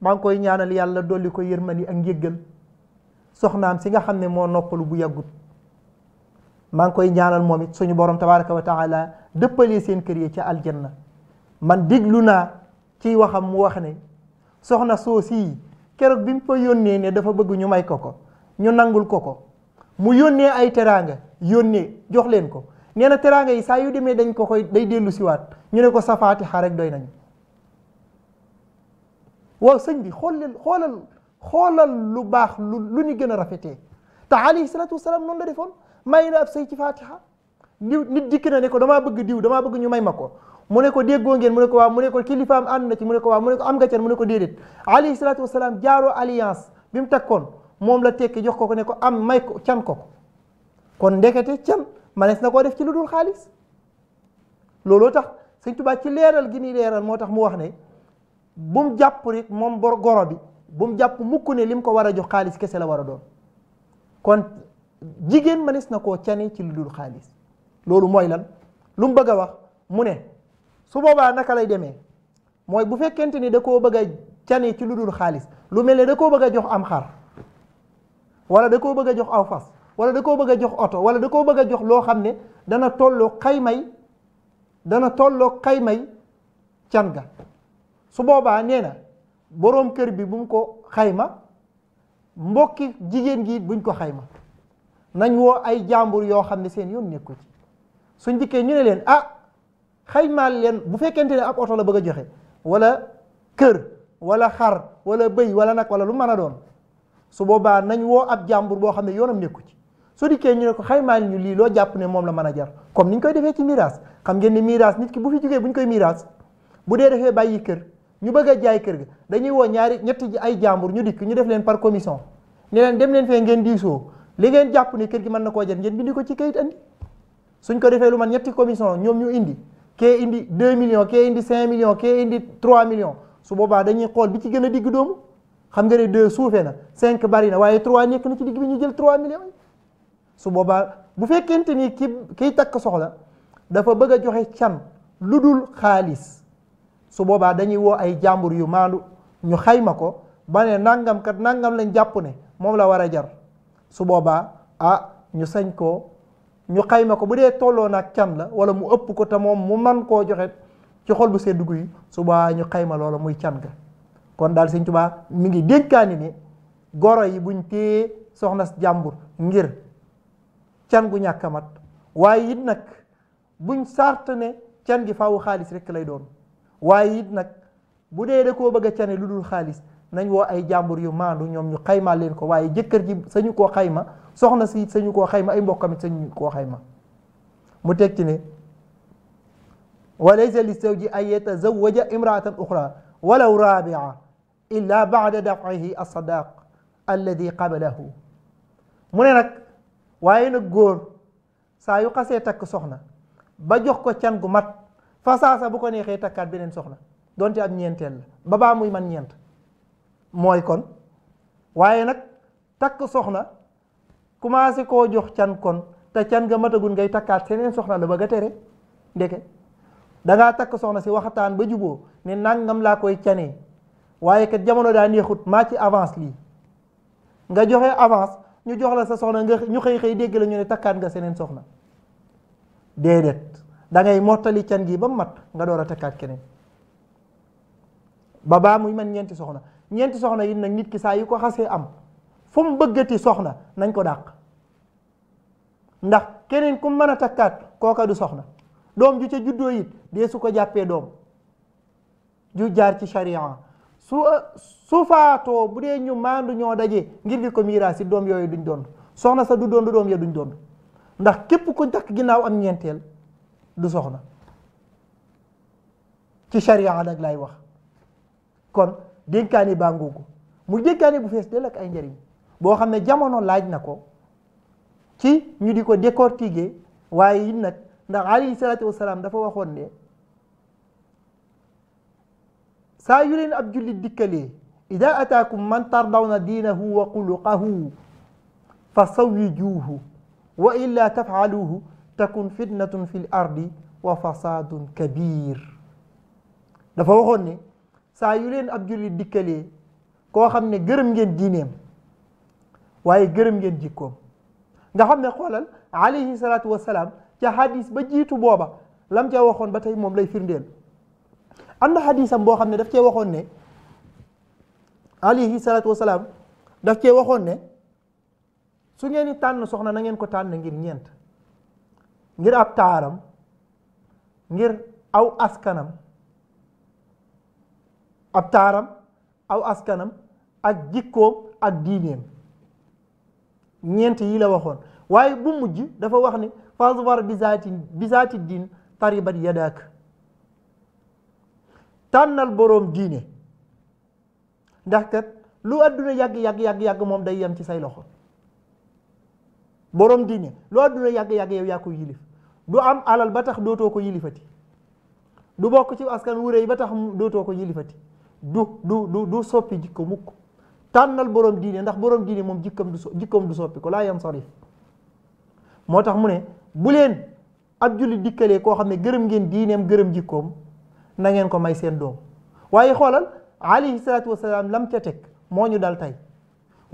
maa ngi koy ñaanal yàlla dolli ko yërmani ak njëggal soxnaam si nga xam ne moo noppalu bu yàggut maa ngi koy ñaanal moom it suñu borom tabaraka wa taala dëppalee seen kër yi ci aljanna man déglu naa ci waxam mu wax ne soxna soo soosi keroog bi mu fa yónnee ne dafa bëgg ñu may ko ko ñu nangul ko ko mu yónnee ay teraanga yónnee jox leen ko nee na teraanga yi saa yu demee dañ ko koy day dellu siwaat ñu ne ko sa faatixa rek doy nañ waaw sëñ bi xoolal xoolal xoolal lu baax lu lu ñu gën a rafetee te alayhi salaatu wasalaam noonu la defoon may na ab sëy ci faatixa diw nit dikk na ne ko damaa bëgg diw damaa bëgg ñu may ma mu ne ko déggoo ngeen mu ne ko waaw mu ne ko kilifaam ànd na ci mu ne ko waaw mu ne am nga can mu ne ko déedéet alayhi salaatu wasalaam jaaroo alliance bi mu takkoon moom la tekki jox ko ko ne ko am may ko can ko ko kon ndekete can manees na koo def ci lu dul xaalis looloo tax sëñ Tuubaa ci leeral gi muy leeral moo tax mu wax ne bu mu jàpp rek moom bor goro bi bu mu jàpp mukk ne mu ko war a jox xaalis kese la war a doon kon jigéen manees na koo cane ci lu dul xaalis loolu mooy lan lu mu bëgg a wax mu ne su boobaa naka lay demee mooy bu fekkente ni da koo bëgg a cane ci lu dul xaalis lu mel ne da koo bëgg a jox am xar wala da koo bëgg a jox aw fas wala da koo bëgg a jox oto wala da koo bëgg jox loo xam ne dana tolloo xaymay dana tolloo xaymay can ga su boobaa nee na boroom kër bi bu mu ko xayma mbokki jigéen gi buñ ko xayma nañ woo ay jàmbur yoo xam ne seen yoon nekku ci su dikkee ñu ne leen ah xaymaal leen bu fekkente ne ab oto la bëgg a joxe walla kër walla xar wala bëy wala nag wala lu mën a doon su boobaa nañ woo ab jàmbur boo xam ne yoonam nekku ci su dikkee ñu ne ko xaymaal ñu lii loo jàpp ne moom la man a jar comme ni ñu koy defee ci miraas xam ngeen ne miraas nit ki bu fi jógee bu ñu koy miraas bu dee defee bàyyi kër ñu bëgg a jaay kër gi dañuy woo ñaari ñetti ji ay jàmbur ñu dikk ñu def leen par commission ne leen dem leen fee ngeen diisoo li ngeen jàpp ne kër gi mën na koo jar ngeen bindi ko ci kayit andi suñ ko defee lu man ñetti commission ñoom ñu indi kee indi 2 millions kee indi 5 millions kee indi 3 millions su boobaa dañuy xool bi ci gën a digg doomu xam nga ne 2 suufee na 5 bari na waaye 3 nekk na ci digg bi ñu jël 3 millions su boobaa bu fekkente ni ki kiy takk soxla dafa bëgg a joxe can lu dul xaalis su boobaa dañuy woo ay jàmbur yu maandu ñu xayma ko ba ne nangam kat nangam lañ jàpp ne moom la war a jar su boobaa a ah, ñu sañ koo ñu xayma ko bu dee tolloo ak can la wala mu ëpp ko te moom mu man koo joxe ci xol bu sedd guy su boobaa ñu xayma loola muy can ga kon daal Sëñ Tuubaa mi ngi dénkaani ni goro yi buñ téye soxna jàmbur ngir can gu ñàkk a mat waaye it nag buñ sart ne can gi faawu xaalis rek lay doon waaye it nag bu dee da koo bëgg a cane lu dul xaalis nañ woo ay jàmbur yu maandu ñoom ñu xaymaa leen ko waaye jëkkër ji sañu koo xayma soxna si sañu koo xayma ay mbokkamit sañu koo xayma mu teg ci ne wa laysa li zawji an yetazawaja imraatan uxra walaw raabia illa bada dafcihi alsadaq alladi qabalahu mu ne nag waaye nag góor saa yu xasee takk soxna ba jox ko can gu mat fa saasa bu ko neexee takkaat beneen soxna donte ab ñeenteel la ba baa muy man ñeent mooy kon waaye nag takk soxna commencé koo jox can kon te can ga matagul ngay takkaat seneen soxna la ba ga tere ndeke dangaa takk soxna si waxataan ba juboo ne nangam laa koy canee waaye kat jamono daa neexut maa ci avance lii nga joxe avance ñu jox la sa soxna nga ñu xëy xëy dégg lañu ne takkaat nga seneen soxna déedéet da ngay mottali can gi ba mu mat nga door a takkaat keneen ba baa muy man ñeenti soxna ñeenti soxna yi nag nit ki saa yi ko xasee am fu mu bëggati soxna nañ ko dàq ndax keneen kum mën a takkaat kooka du soxna doom ju ca juddoo it dee su ko jàppee doom ju jaar ci charia su euh, su bu dee ñu maandu ñoo daje ngir di ko miiraas si doom yooyu duñ doon soxna sa du doon du doom ya duñ doon ndax képp ku takk ginnaaw am ñeenteel du soxna ci sharia nag lay wax kon dénkaani baa nguugu mu dénkaani bu fees del ak ay njariñ boo xam ne jamono laaj na ko ci ñu di ko décortiquer waaye it nag ndax alayhi salaatu wasalaam dafa waxoon ne saa yu leen ab jullit dikkalee ida ataakum man tardawna diinahu wa xuluqahu fa sawijuuhu wa illa takun fitnatun fi ardi wa fasaadun kabir dafa waxoon ne saa yu leen ab jullit dikkalee koo xam ne gërëm ngeen diineem waaye gërëm ngeen jikkoom nga xam ne xoolal alayhi salaatu wasalaam ca hadis ba jiitu booba lam ca waxoon ba tey moom lay firndeel am na xadisam boo xam ne daf cee waxoon ne alayhi salaatu wasalaam daf cee waxoon ne su ngeen di tànn soxna na ngeen ko tànn ngir ñeent ngir ab taaram ngir aw askanam ab taaram aw askanam ak jikkoom ak diineem ñeent yi la waxoon waaye bu mujj dafa wax ni fasvar bizaati bizaati diin taribat yadaak tànnal boroom diine ndax kat lu àdduna yàgg yàgg yàgg yàgg moom day yem ci say loxo boroom diine lu àdduna yàgg yàgg yow yaa ko yilif du am alal ba tax dootoo ko yilifati du bokk ci askan wu ba tax dootoo ko yilifati du du soppi jikko mukk tànnal boroom diine ndax boroom diine moom jikkam du jikkoom du soppi ko laa yam sarif moo tax mu ne bu leen ab jullit dikkalee koo xam ne gërëm ngeen diineem gërëm jikkoom nangeen ko may seen doom waaye xoolal alayhi salaatu wasalaam lam ca teg moo ñu dal tey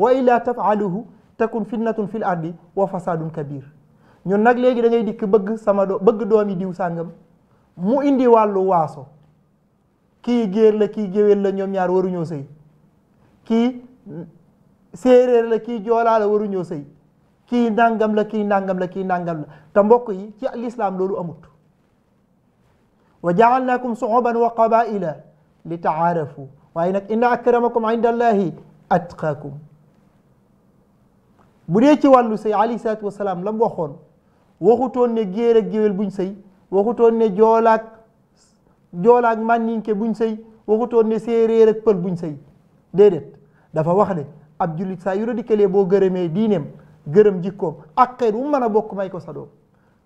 wa illa tafaluhu takun fitnatun fil ardi wa fasadun kabir ñun nag léegi dangay dikk bëgg sama do bëgg doom yi diw sàngam mu indi wàllu waaso kii géer la kii géwél la ñoom ñaar waruñoo sëy kii séeréer la kii joolaa la waruñoo sëy kii nàngam la kii nàngam la kii nàngam la te mbokk yi ci lislaam loolu amut wa jaalnaakum suuban wa qabaila li taarafu waaye nag inna akramakum inda allahi atqaakum bu dee ci wàllu sëy alayhi salaatu wasalaam lam waxoon waxutoon ne géer ak géwél buñ sëy waxutoon ne joolaak joolaak mànninke buñ sëy waxutoon ne séeréer ak pël buñ sëy déedéet dafa wax ne ab jullit saa di radikalee boo gërëmee diineem gërëm jikkoom ak xeet wu mën a bokk may ko sa doom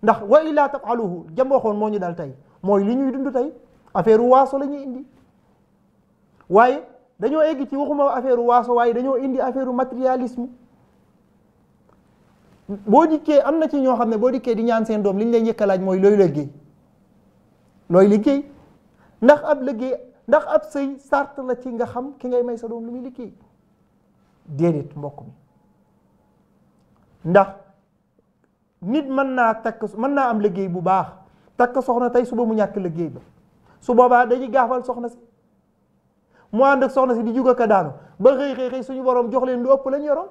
ndax wa illaa tafaluhu jam waxoon moo ñu dal tey mooy lu ñuy dund tey affaire waaso la indi waaye dañoo egg ci waxuma affaire waaso waaye dañoo indi affaire matérialisme boo dikkee am na ci ñoo xam ne boo dikkee di ñaan seen doom li ñu lay njëkk a laaj mooy looy liggéey looy liggéey ndax ab liggéey ndax ab sëy sart la ci nga xam ki ngay may sa doom lu muy liggéey déedéet mbokk mi ndax nit mën naa takk mën naa am liggéey bu baax takk soxna tey suba mu ñàkk liggéey ba su boobaa dañuy gaafal soxna si mu ànd ak soxna si di jug ak daanu ba xëy xëy suñu borom jox leen lu ëpp lañ yoroon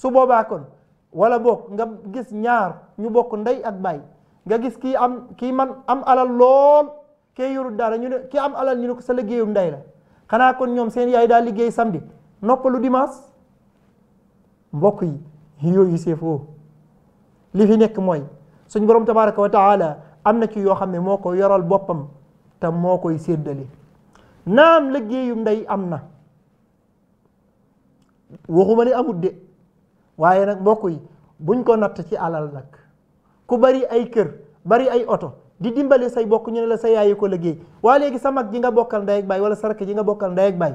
su boobaa kon walla bokk nga gis ñaar ñu bokk ndey ak baay nga gis kii am kii man am alal lool kee yorul dara ñu ne kii am alal ñu ne ko sa liggéeyum ndey la xanaa kon ñoom seen yaay daal liggéey samedi noppalu dimanche mbokk yi yooyu c'est faux li fi nekk mooy suñ borom tabaraka wa taala am na ci yoo xam ne moo ko yoral boppam tam moo koy séddale naam liggéeyu ndey am na waxuma ne amut de waaye nag mbokk yi buñ ko natt ci alal nag ku bari ay kër bari ay oto di dimbali sa bokk ñu ne la sa yaayu ko liggéey waa léegi sa mag ji nga bokkal ndey ak baay wala sa rakk ji nga bokkal ndey ak baay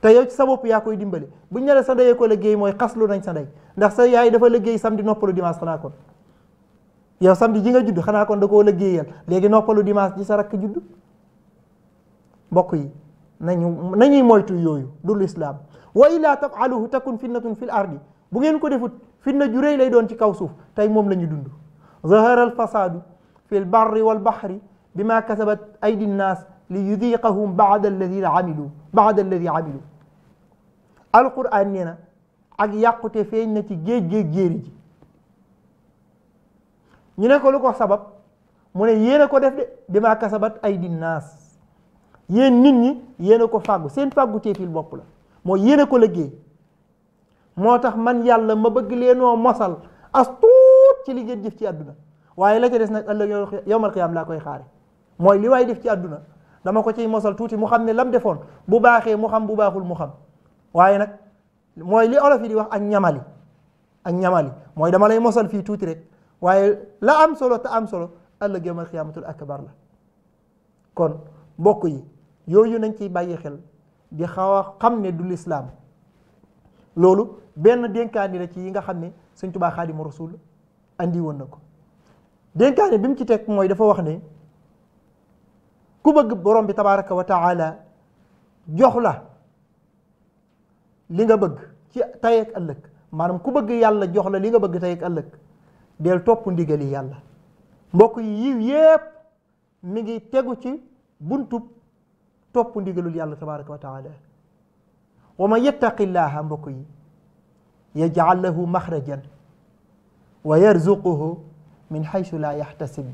te yow ci sa bopp yaa koy dimbali buñ ne la sa ndeyee ko liggéey mooy xaslu nañ sa ndey ndax sa yaay dafa liggéey samedi noppalu dimanche xanaa yow samedi ji nga juddu xanaa kon da koo liggéeyal léegi noppalu dimanche ji sa rakk judd mbokk yi nañu nañuy moytu yooyu du lislaam wa illaa tafaluhu takun fitnatun fil ardi bu ngeen ko defut fitna ju réy lay doon ci kaw suuf tey moom la ñu dund zahara alfasaadu fi lbarri walbahri bima kasabat aydi nnaas li yudiqahum baada alladi amilu baada alladi amilu alquran nee na ak yàqute feeñ na ci géej géej jéeri ji ñu ne ko lu ko sabab mu ne yéen ko def de bi maa kasabat ay dinnaas yéen nit ñi yéen ko fàggu seen fàggu teefil bopp la moo yéen ko liggéey moo tax man yàlla ma bëgg leenoo mosal as tuut ci li ngeen jëf ci àdduna waaye la ca des nag ëllëg yowmal qiyaam laa koy xaare mooy li waay def ci àdduna dama ko ciy mosal tuuti mu xam ne lam defoon bu baaxee mu xam bu baaxul mu xam waaye nag mooy li olof yi di wax ak ñamali ak ñamali mooy dama lay mosal fii tuuti rek waaye la am solo te am solo ëllëg yawmal xiyaamatul akbar la kon mbokk yi yooyu nañ ci bàyyi xel di xaw a xam ne du lislaam loolu benn dénkaani la ci yi nga xam ne Sëñ Tuubaa Xaadimu Rasuul andi woon na ko dénkaani bi mu ci teg mooy dafa wax ne ku bëgg borom bi tabaaraka wa taala jox la li nga bëgg ci tey ak ëllëg maanaam ku bëgg yàlla jox la li nga bëgg tey ak del topp ndigali yàlla mbokk yi yiw yépp mi ngi tegu ci buntub topp ndigalul yàlla tabaraka wa taala wa man yattaqi llaha mbokk yi yajcal lahu maxrajan wa yarzuquhu min xaysu laa yaxtasib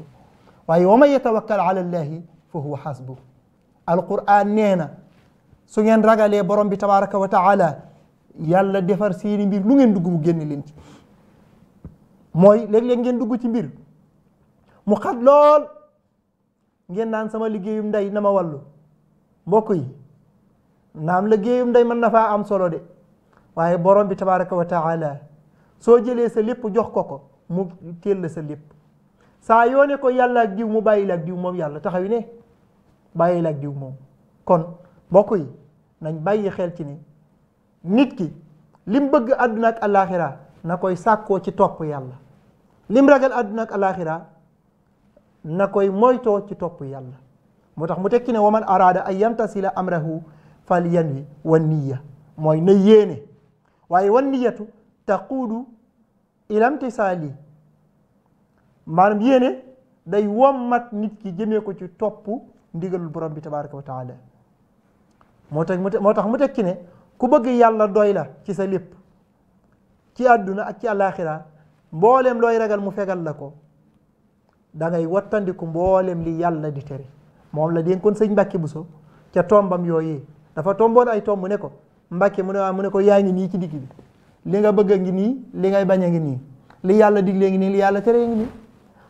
waaye wa man yatawakkal ala llahi fa huwa xasbu alquran nee na su ngeen borom bi tabaraka wa taala yàlla defar seeni mbir lu ngeen dugg mu leen ci mooy léeg-léeg ngeen dugg ci mbir mu xat lool ngeen naan sama liggéeyum ndey na ma wàllu mbokk naan naam liggéeyum ndey mën na faa am solo de waaye borom bi tabaraka wa taala soo jëlee sa lépp jox ko ko mu teel sa lépp saa yoone ko yàlla ak diw mu bàyyi la ak diw moom yàlla taxaw ne bàyyi la ak diw moom kon mbokk yi nañ bàyyi xel ci ni nit ki lim bëgg àdduna ak àllaaxira na koy sàkkoo ci topp yàlla lim ragal àdduna na koy moytoo ci topp yàlla moo tax mu tekki ne waman araada an yamtasila amrahu fal yanwi wan niya mooy na yéene waaye wan niyatu taquudu ila imtisaali maanaam yéene day wommat nit ki jëmee ko ci topp ndigalul borom bi tabaraka wa taala moo tax moo tax mu tekki ne ku bëgg yàlla doy la ci sa lépp ci àdduna ak ci mboolem looy ragal mu fegal la ko da ngay wattandiku mboolem li yàlla di tere moom la dénkoon sëñ bu so ca tombam yooyu dafa tomboon ay tomb ne ko Mbàkke mu ne waa mu ne ko yaa ngi nii ci digg bi li nga bëgg a ngi nii li ngay bañ a ngi nii li yàlla diglee ngi nii li yàlla teree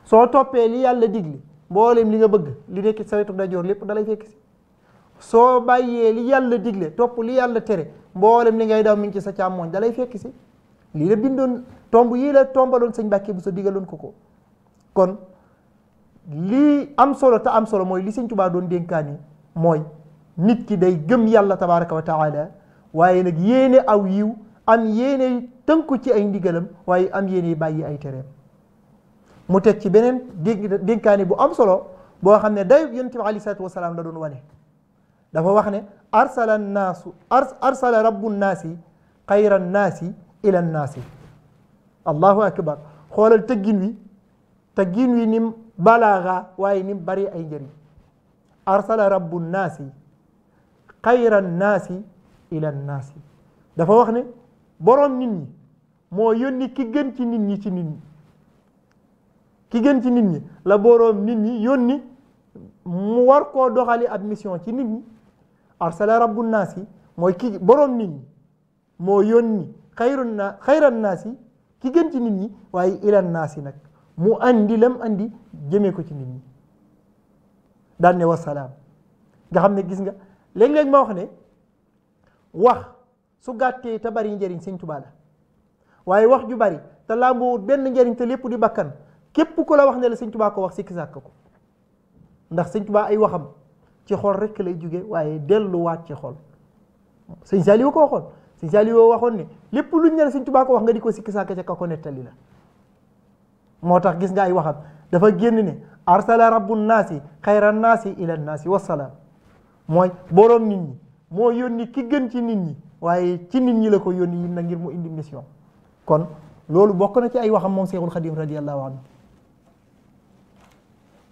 soo toppee li yàlla digli boolem li nga bëgg li nekk sa wetu dajoor lépp dalay fekk soo bàyyee li yàlla digle topp li yàlla tere mboolem li ngay daw mi ngi ci sa càmmooñ dalay fekk si lii la bindoon tomb yii la tombaloon sëñ Mbàkke bu sa digaloon ko ko kon li am solo te am solo mooy li sëñ Tuubaa doon dénkaani mooy nit ki day gëm yàlla tabaaraka wa taala waaye nag yéene aw yiw am yéene tënku ci ay ndigalam waaye am yéene bàyyi ay tereem mu teg ci beneen dénkaani bu am solo boo xam ne day yonent bi aleyhi salaatu wa salaam la doon wane dafa wax ne arsala nnaasu arsala rabbu nnaasi xayra nnaasi ila nnaasi allahu akbar xoolal tëggin wi tëggin wi nim balaaxa waaye nim bari ay njëriñ arsala rabbu naasi xayra naasi ila naasi dafa wax ne boroom nit ñi moo yónni ki gën ci ñi ci nit ñi gën ci nit ñi la boroom nit ñi yónni mu war koo doxali ab mission ci nit ñi rabbu naasi mooy ki boroom nit ki gën ci nit ñi waaye ilan naasi nag mu andi lam andi jëmee ko ci nit ñi daan ne wasalaam nga xam ne gis nga léeg-léeg ma wax ne wax su gàttee te bari njariñ sëñ Tuubaa la waaye wax ju bari te laa làmboo benn njariñ te lépp di bakkan képp ko la wax ne la sëñ Tuubaa ko wax sikki sàkk ko ndax sëñ Tuubaa ay waxam ci xol rekk lay jóge waaye delluwaat ci xol sëñ Saaliw ko waxoon sëñ Saliou waxoon ne lépp lu ñu ne sëñ Tuubaa wax nga di ko sikki sàkk ca ko nettali la moo tax gis nga ay waxam dafa génn ne arsala rabbu naasi xayra naasi ila naasi wasalaam mooy boroom nit ñi moo yónni ki gën ci nit ñi waaye ci nit ñi la ko yónni yi na ngir mu indi mission kon loolu bokk na ci ay waxam moom Seexul Xadim radiyallahu anhu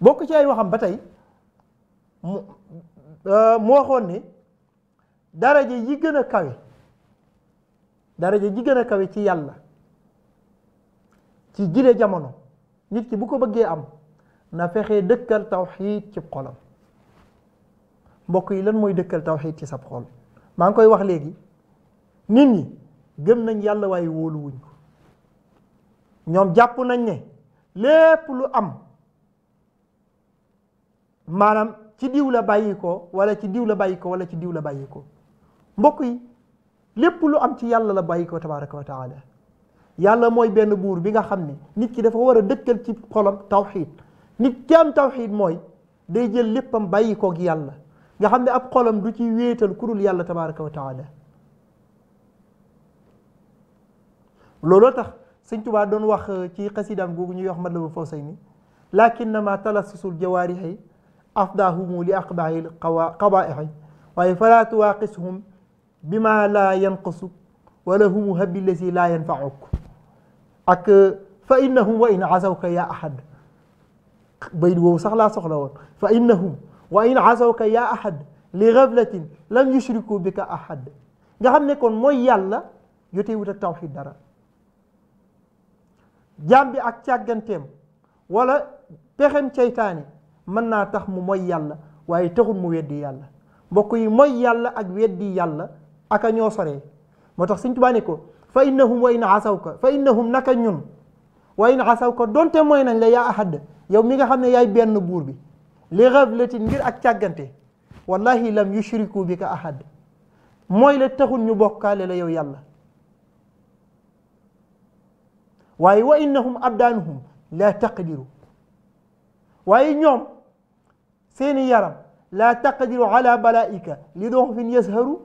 bokk ci ay waxam ba tey mu euh, moo waxoon ne daraje yi gën a kawe daraja ji gën a kawe ci yàlla ci jile jamono nit ki bu ko bëggee am na fexe dëkkal tawxiid ci xolam mbokk yi lan mooy dëkkal tawxiid ci sab xol maa ngi koy wax léegi nit ñi gëm nañ yàlla waaye wóolu ko ñoom jàpp nañ ne lépp lu am maanaam ci diw la bàyyi ko wala ci diw la bàyyi ko wala ci diw la bàyyi ko mbokk yi lépp lu am ci yàlla la bàyyi ko tabaraka wa taala yàlla mooy benn buur bi nga xam ne nit ki dafa war a dëkkal ci xolam tawxid nit ki am tawxid mooy day jël léppam bàyyi koog yàlla nga xam ne ab xolam du ci wéetal ku dul yàlla tabaraka wa taala looloo tax sëñ Tuubaa doon wax euh, ci xasidaam googu ñuy wax Matlabul Fawzayni lakinnama talassusul jawaarixi afdahumu li aqbaxi qawaaixi waaye fala tuwaaqishum bi ma laa yanqasuk wala humu habi lesi laa yanfauk ak fa innahum wa in asawka yaa ahad bayt woowu sax laa soxla woon fa innahum wa in asawka yaa ahad li gaflatin lam yushriku bika ahad nga xam ne kon mooy yàlla yotee wut ak tawxid dara jaam bi ak càgganteem wala pexem ceytaane mën naa tax mu mooy yàlla waaye taxul mu weddi yàlla mbokk yi mooy yàlla ak weddi yàlla aka ñoo soree moo tax Sëñ Tuubaa ne ko fa innahum wa in asawka fa innahum naka ñun wa in asawka donte mooy nañ la yaa ahad yow mi nga xam ne yaay benn buur bi li ghaflatin ngir ak càggante wallahi lam yushriku bika ahad mooy la taxul ñu bokkaale la yow yàlla waaye wa innahum abdaanuhum laa taqdiru waaye ñoom seeni yaram la taqdiru ala balaika li doxfin yasharu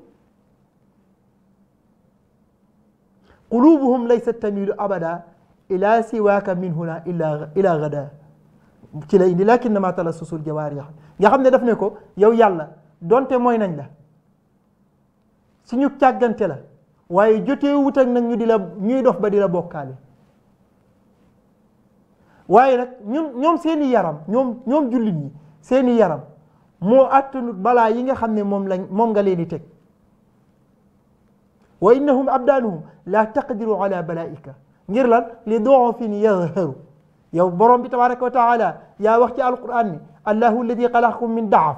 qulubuhum laysat tamilu abada ila siwaaka min huna ila ila gada ci la indi lakinnama talassusul jawaarih nga xam ne daf ne ko yow yàlla donte mooy nañ la suñu càggante la waaye jotee wut ak nag di la ñuy dof ba di la bokkaale waaye nag ñun ñoom seeni yaram ñoom ñoom jullit ñi seeni yaram moo àttanut balaa yi nga xam ne moom lañ moom nga leen di teg wa innahum abdaanuhum laa taqdiru ala balaika ngir lan li doofin yadharu yow borom bi tabaraka wa taala yaa wax ci alquran ni allahu alladi xalaqakum min daaf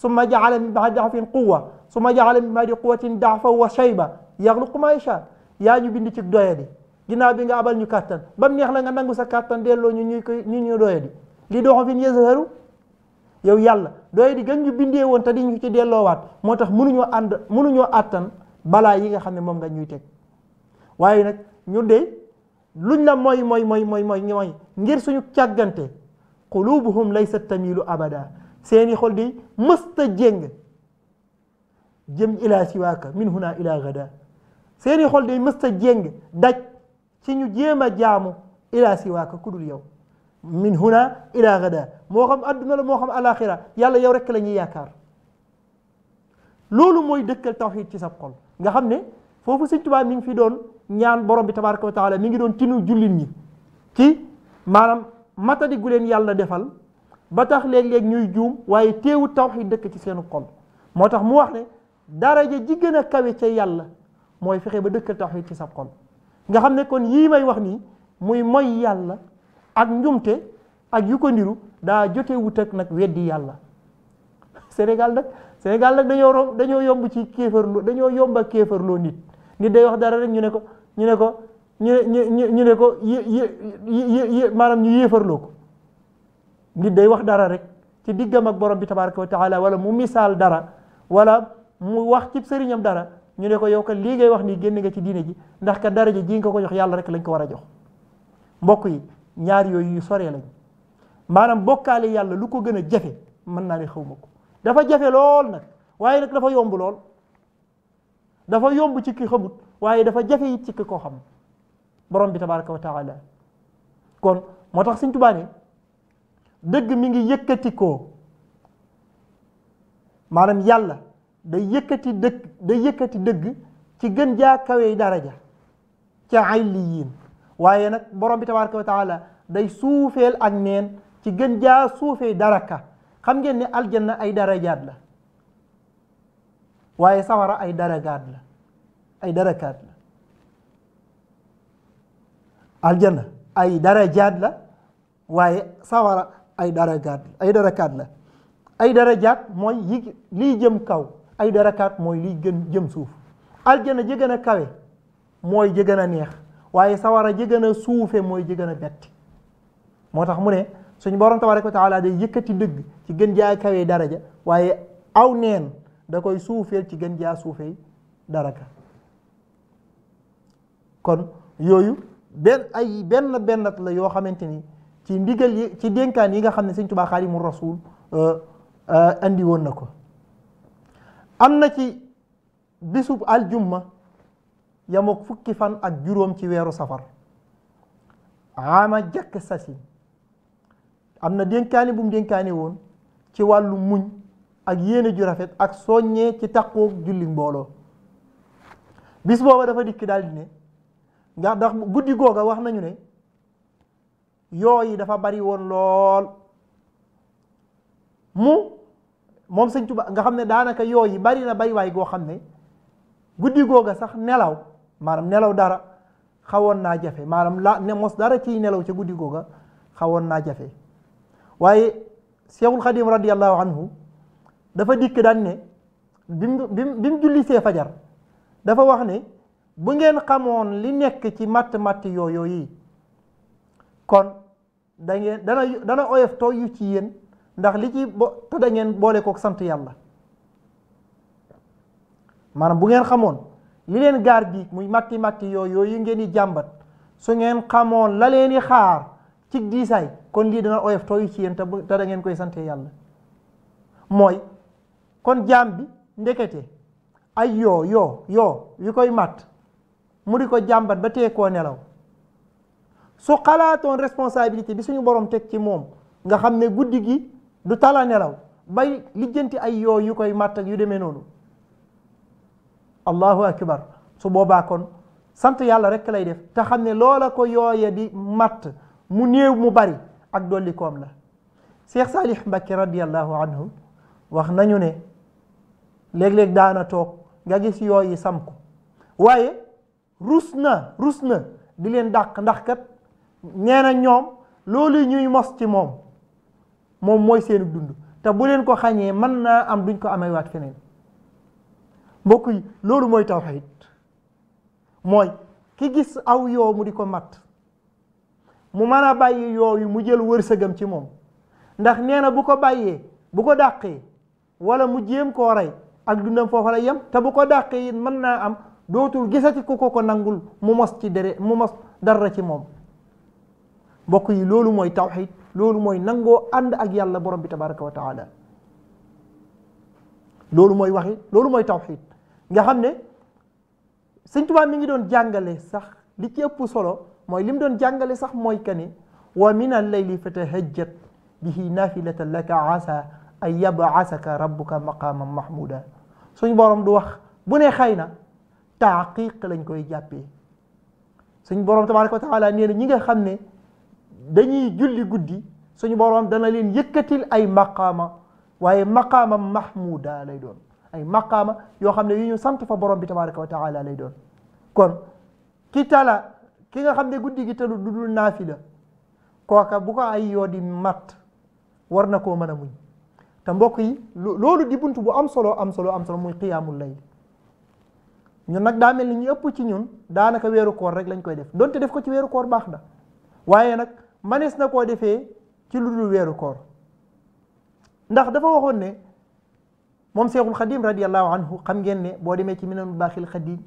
summa jaala min baadi daafin quwa summa jaala min baadi quwatin daafa wa shayba yaxluqu ma yasha yaa ñu bind ci doyadi ginnaaw bi nga abal ñu kàttan ba mu neex la nga nangu sa kàttan delloo ñu ñuy koy ñu ñu doyadi li doofin yadharu yow yàlla doyadi gën ñu bindee woon te di ñu ci delloowaat moo tax mënuñoo ànd mënuñoo àttan balaa yi nga xam ne moom nga ñuy teg waaye nag ñu de luñ na moy mooy mooy mooy mooy mooy ngir suñu càggante qulubuhum laysa tamilu abada seeni xol di mësta jéng jëm ila siwaaka min huna ila seeni xol di mësta jéng daj ci ñu jéem a jaamu ila siwaaka ku dul yow min huna ila gada moo xam adduna la moo xam alaxira yàlla yow rekk la ñuy yaakaar loolu mooy dëkkal tawxid ci sab xol nga xam ne foofu sëñ Tuubaa mi ngi fi doon ñaan borom bi tabaaraka wa taala mi ngi doon tinu jullit ñi ci maanaam matadi gu leen yàlla defal ba tax léeg-léeg ñuy juum waaye teewu tawxiid dëkk ci seenu xol moo tax mu wax ne daraja ji gën a kawe ca yàlla mooy fexe ba dëkkal tawxiid ci sa xol nga xam ne kon yii may wax nii muy moy yàlla ak njumte ak yu ko ndiru daa jotewut ak nag weddi yàlla Sénégal nag Sénégal nag dañoo rom dañoo yomb ci kéefarloo dañoo yomb ak loo nit nit day wax dara rek ñu ne ko ñu ne ko ñu ne ko yé maanaam ñu yéefarloo ko nit day wax dara rek ci diggam ak borom bi tabaraka wa taala wala mu misaal dara wala mu wax ci sëriñam dara ñu ne ko yow kat lii ngay wax nii génn nga ci diine ji ndax ka daraja ji nga ko jox yàlla rek lañ ko war a jox mbokk yi ñaar yooyu soree lañ maanaam bokkaale yàlla lu ko gën a jafe mën naa ne xaw ko dafa jafe lool nag waaye nag dafa yomb lool dafa yomb ci ki xamut waaye dafa jafe it ci ki ko xam borom bi tabaraka wa taala kon moo tax Sëñ Tuubaa dëgg mi ngi yëkkati ko maanaam yàlla day yëkkati dëgg day yëkkati dëgg ci gën jaa kawey daraja ca ayliyin waaye nag borom bi tabaraka wa day suufeel ak neen ci gën jaa suufee daraka xam ngeen ne aljanna ay dara darajaat la waaye sawara ay daragaat la ay darakaat la aljanna ay darajaat la waaye sawara ay daragaat ay darakaat la ay darajaat mooy yi liy jëm kaw ay darakaat mooy liy gën jëm suuf aljanna ji gën a kawe mooy ji gën a neex waaye sawara ji gën a suufe mooy ji gën bett moo tax mu ne suñu borom tabaraka wa taala yëkkati dëgg ci gën jaa kawee daraja waaye aw neen da koy suufeel ci gën jaa suufee daraka kon yooyu benn ay benn bennat la yoo xamante ni ci ndigal yi ci dénkaan yi nga xam ne sëñ Tuubaa Xaadimu Rasuul euh, euh, andi woon na ko am na ci bisu aljuma yamook fukki fan ak juróom ci weeru safar ama jàkk sasi am na dénkaani bu mu dénkaani woon ci wàllu muñ ak yéene ju rafet ak soññee ci takkook julli mbooloo bis booba dafa dikk daal di ne nga ndax guddi googa wax nañu ne yooyu dafa bari woon lool mu moom sëñ nga xam ne daanaka yooyu bari na bay waay goo xam ne guddi googa sax nelaw maanaam nelaw dara xawoon naa jafe maanaam la ne mos dara ciy nelaw ca guddi googa xawoon naa jafe waaye Cheikhul Khadim radiallahu anhu dafa dikk daan ne bi mu bi mu jullisee fajar dafa wax ne bu ngeen xamoon li nekk ci matt matt yooyu yi kon da ngeen dana dana oyof too yu ci yéen ndax li ci bo te da boole kook sant yàlla maanaam bu ngeen xamoon li leen gaar biig muy matti matti yooyu ngeen di jàmbat su ngeen xamoon la leen di xaar ci diisaay kon lii dana oyof tooy ci yéen te da ngeen koy sante yàlla mooy kon jaam bi ndekete ay yoo yoo yoo yu koy màtt mu di ko jàmbat ba tee koo nelaw soo xalaatoon responsabilité bi suñu borom teg ci moom nga xam ne guddi gi du tala nelaw bay lijjanti ay yoo yu koy màtt ak yu demee noonu allahu akbar su boobaa kon sant yàlla rekk lay def te xam ne loola ko yooya di màtt mu néew mu bari ak dolli la Cheikh Salih Mbacké radiallahu anhu wax nañu ne léeg-léeg daana toog nga gis yooyu sam ko waaye rus na rus na di leen dàq ndax kat nee ñoom loolu ñuy mos ci moom moom mooy seenu dund te bu leen ko xañee mën naa am duñ ko amewaat feneen mbokk yi loolu mooy tawxiid mooy ki gis aw yoo mu di ko mat mu mën a bàyyi yooyu mu jël wër sëgam ci moom ndax nee na bu ko bàyyee bu ko dàqee wala mu jéem koo rey ak dundam foofa yam te bu ko dàqee it mën naa am dootul gisati ku ko ko nangul mu mos ci dere mu mos dara ci moom mbokk yi loolu mooy tawxid loolu mooy nangoo ànd ak yàlla borom bi tabaraka wa taala loolu mooy waxi loolu mooy tawxid nga xam ne sëñ Tuubaa mi ngi doon jàngale sax li ci solo mooy lim doon jàngale sax mooy que ni wa min al-layli fatahajjat bihi naafilatan laka asa an yabasaka rabbuka maqaman mahmuda suñ borom du wax bu ne xëy na taaqiq lañ koy jàppee suñ borom tabaraka wa taala nee na ñi nga xam ne dañuy julli guddi suñu borom dana leen yëkkatil ay maqaama waaye maqaama mahmuda lay doon ay maqaama yoo xam ne yu ñu sant fa borom bi tabaraka wa taala lay doon kon ki tala ki nga xam ne guddi gi tëlu dudul naafila kooka bu ko ay yoo di mat war na koo mën muñ te mbokk yi loolu di bunt bu am solo am solo am solo muy xiyaamul layl ñun nag daa mel ni ñu ci ñun daanaka weeru koor rek lañ koy def donte def ko ci weeru koor baax na waaye nag manees na koo defee ci lu dul weeru koor ndax dafa waxoon ne moom Cheikhul Khadim radiallahu anhu xam ngeen ne boo demee ci minanul baaxil Khadim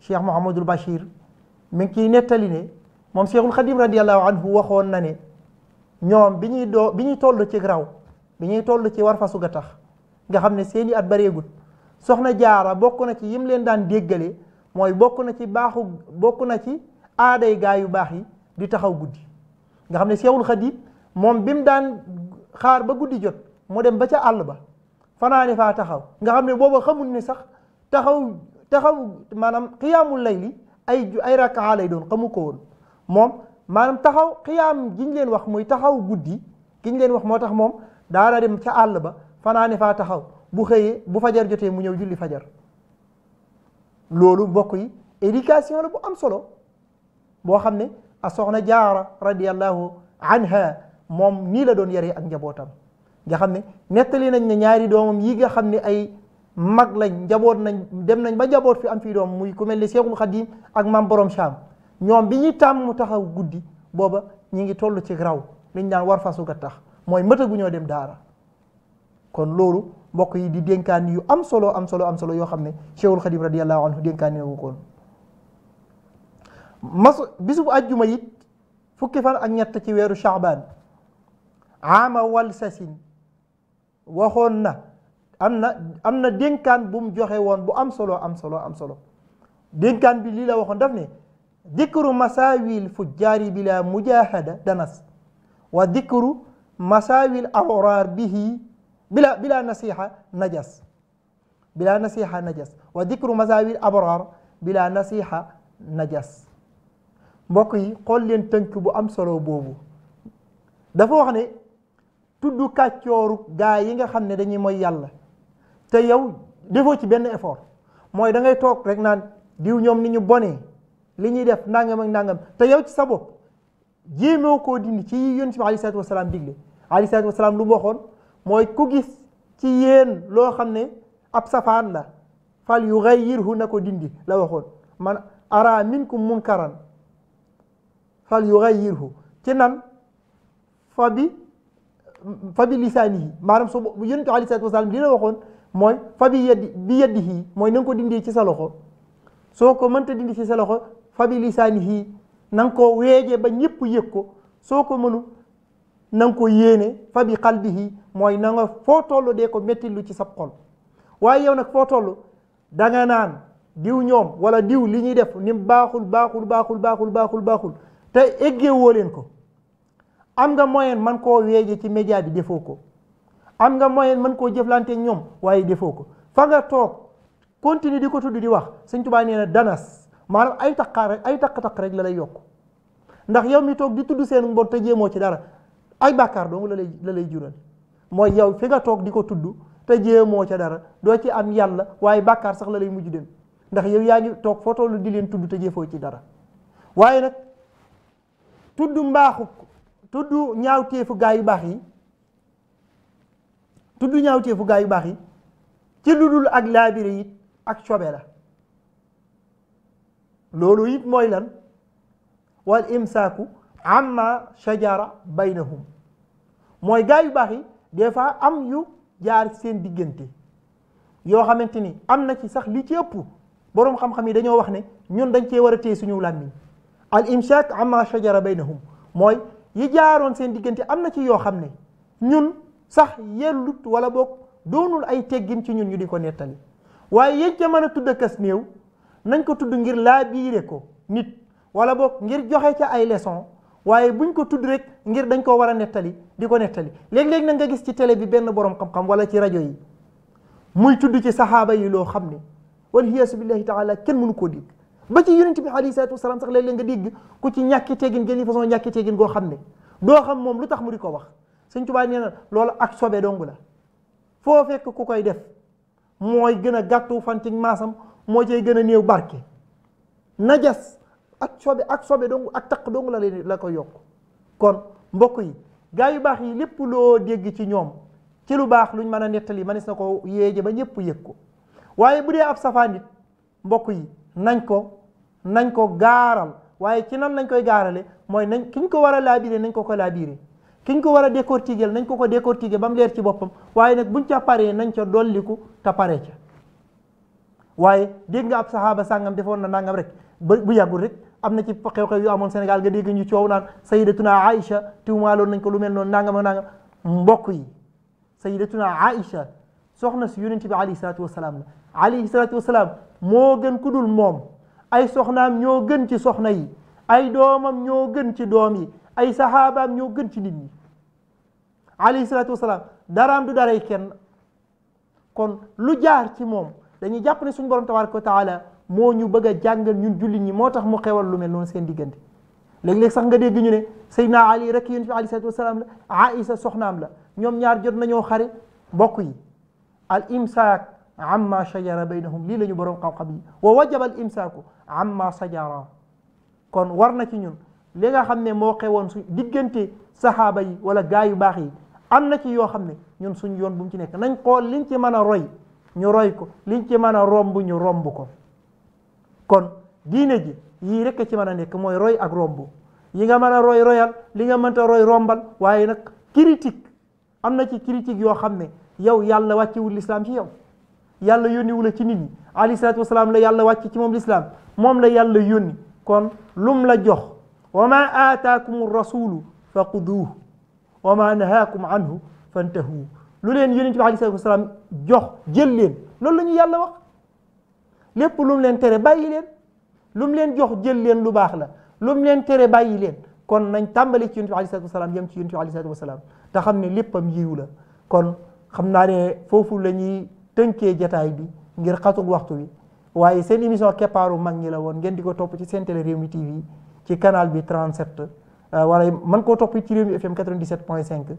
Cheikh Mouhamadul Bachir mi ngi ciy nettali ne moom Cheikhul Khadim radiallahu anhu waxoon na ne ñoom bi ñuy doo bi ñuy toll ci raw bi ñuy toll ci war fasu ga tax nga xam ne seeni at bareegul soxna jaara bokk na ci yim leen daan déggale mooy bokk na ci baaxu bokk na ci aaday gaa yu baax yi di taxaw guddi nga xam ne Cheikhul Khadim moom bi mu daan xaar ba guddi jot mu dem ba ca àll ba fanaane faa taxaw nga xam ne boobu xamul ne sax taxaw taxaw maanaam xiyaamul layli ay ay rakkaa lay doon xamu ko woon moom maanaam taxaw xiyaam giñ leen wax muy taxaw guddi giñ leen wax moo tax moom daana dem ca àll ba fanaane fa taxaw bu xëyee bu fajar jotee mu ñëw julli fajar loolu mbokk yi éducation la bu am solo boo xam ne a soxna jaara radiallahu anha moom nii la doon yaree ak njabootam nga xam ne nettali nañ ne ñaari doomam yi nga xam ne ay mag lañ njaboot nañ dem nañ ba njaboot fi am fii doom muy ku mel ni Seexul Xadiim ak mam borom Saam ñoom bi ñuy tàmm taxaw guddi booba ñi ngi toll ci raw liñ daan war fasu ga tax mooy mëtagu ñoo dem daara kon loolu mbokk yi di dénkaan yu am solo am solo am solo yoo xam ne Seexul Xadiim radiyallahu anhu dénkaan wu koon mas bisu bu àjjuma it fukki fan ak ñett ci weeru Shaabaan ama wal sasin waxoon na am na am bu mu joxe woon bu am solo am solo am solo dénkaan bi lii la waxoon daf ne dikru masaawil fujjaari bila mujahada danas wa dikru masaawil awraar bihi bila bila nasiha najas bila nasiha najas wa dikru masaawil abrar bila nasiha najas mbokk yi xool leen tënk bu am solo boobu dafa wax ne tudd kàccooru gaa yi nga xam ne dañuy mooy yàlla te yow defoo ci benn effort mooy da toog rek naan diw ñoom ni ñu bonee li ñuy def nangam ak nangam te yow ci sa bopp jéemoo koo dindi ci yonent bi aleyhi salaatu wa salaam digle aleyhi salaam lu mu waxoon mooy ku gis ci yéen loo xam ne ab safaan la fal yu xayyirhu na ko dindi la waxoon man ara minkum munkaran fal yu xayyirhu ci nan fa bi fa bi lisaanihi maanaam so yonent bi aleyhi salaatu wa salaam li la waxoon mooy fa bi yeddi bi yeddi hii mooy na ko dindee ci sa loxo soo ko mënta dindi ci sa loxo fabi bi lisaani hii na nga ko weejee ba ñëpp yëg ko soo ko mënu na ko yéene fa bi xal bi hii mooy na foo toll dee ko métti lu ci sab xol waaye yow nag foo toll da nga naan diw ñoom wala diw li ñuy def ni baaxul baaxul baaxul baaxul baaxul baaxul te eggee woo leen ko am nga moyen man ko weeje ci média bi defoo ko am nga moyen man koo jëflante ñoom waaye defoo ko fa nga toog continue di ko tudd di wax sëñ Tuubaa nee na danas maanaam ay taqaar rek ay taq-taq rek la lay yokk ndax yow mi toog di tudd seen mbon te moo ci dara ay bàkkaar la lay la lay jural mooy yow fi nga toog di ko tudd te jéemoo ca dara doo ci am yàlla waaye bàkkaar sax la lay mujj dem ndax yow yaa ngi toog foo tollu di leen tudd te foo ci dara waaye nag tudd mbaaxu tudd ñaaw téefu gaa yu baax yi tudd ñaawteefu gaa yu baax yi ci lu dul ak laabire it ak cobe la loolu it mooy lan wal imsaaku amma shajara baynahum mooy gaa yu baax yi des fois am yu jaar seen diggante yoo xamante ni am na ci sax li ci ëpp boroom xam-xam yi dañoo wax ne ñun dañ cee war a téye suñu làmmiñ al imsaak amma shajara baynahum mooy yi jaaroon seen diggante am na ci yoo xam ne ñun sax yellut wala boog doonul ay teggin ci ñun ñu di ko nettali waaye yéen ca mën a tudd kas néew nañ ko tudd ngir laa biire ko nit wala boog ngir joxe ca ay leçon waaye buñ ko tudd rek ngir dañ ko war a nettali di ko nettali léeg-léeg na nga gis ci télé bi benn borom xam-xam wala ci rajo yi muy tudd ci saxaaba yi loo xam ne wal hiyaasu billahi taala kenn mënu koo dikk ba ci yonent bi alayhi salaatu wasalaam sax léeg-léeg nga dégg ku ci ñàkki teggin gën yi façon ñàkki goo xam ne doo xam moom lu tax mu di ko wax sëñ Tuubaa nee na loolu ak sobe dong la foo fekk ku koy def mooy gën a gàttu fan ci maasam moo cay gën a néew barke najas ak sobe ak sobe dong ak taq dong la leen la ko yokk kon mbokk yi gaa yu baax yi lépp loo dégg ci ñoom ci lu baax luñ mën a nettali manis na ko yéeje ba ñëpp yëg ko waaye bu dee ab safaan nit mbokk yi nañ ko nañ ko gaaral waaye ci nan nañ koy gaarale mooy nañ ki ñu ko war a laabiire nañ ko ko laabiire ki ñu ko war a décortiquer nañ ko ko décortiquer ba mu leer ci boppam waaye nag buñ ca paree nañ ca dolliku te pare ca waaye dégg nga ab saxaaba sàngam defoon na nangam rek ba bu yàggul rek am na ci xew-xew yu amoon Sénégal nga dégg ñu coow naan sayidatuna Aïcha tiwmaaloon nañ ko lu mel noonu nangam ak nangam mbokk yi sayidatuna Aïcha soxna si yonent bi alayhi salaatu wasalaam la alayhi salaatu wasalaam moo gën ku dul moom ay soxnaam ñoo gën ci soxna yi ay doomam ñoo gën ci doom yi ay saxaabaam ñoo gën ci nit ñi alayhi salaatu wasalaam daraam du daray kenn kon lu jaar ci moom dañuy jàpp ne suñu borom tabaraka wa moo ñu bëgg a jàngal ñun jullit ñi moo tax mu xewal lu mel noonu seen diggante léeg-léeg sax nga dégg ñu ne Seydina Ali rek yonent bi alayhi salaatu wasalaam la Aïsa soxnaam la ñoom ñaar jot nañoo xare mbokk yi al imsaak amma shajara baynahum lii la ñu borom yi wa wajaba al imsaaku amma sajara kon war na ci ñun li nga xam ne moo xewoon su diggante saxaaba yi wala gaa yu baax yi am na ci yoo xam ne ñun suñ yoon bu mu ci nekk nañ xool liñ ci mën a roy ñu roy ko liñ ci mën a romb ñu romb ko kon diine ji yii rekk ci mën a nekk mooy roy ak romb yi nga mën a roy royal li nga mënta roy rombal waaye nag critique am na ci critique yoo xam ne yow yàlla wàccewul lislaam ci yow yàlla yónniwu la ci nit yi alayhi salaam wasalaam la yàlla wàcc ci moom lislaam moom la yàlla yónni kon lum la jox wa ma aataakum rasulu fa quduuh wa ma nahaakum anhu fantahu lu leen yonent bi aleyhi salaatu wasalaam jox jël leen loolu la ñu yàlla wax lépp lu leen tere bàyyi leen lu mu leen jox jël leen lu baax la lu leen tere bàyyi leen kon nañ tàmbali ci yonent bi aleyhi salaatu yem ci yonent bi aleyhi salaatu wasalaam te xam ne léppam yiw la kon xam naa ne foofu la ñuy tënkee jataay bi ngir xatug waxtu wi waaye seen émission keppaaru mag ñi la woon ngeen di ko topp ci seen télé Rewmi TV ci canal bi 37 euh, wala mën koo topp ci Rewmi FM 97.5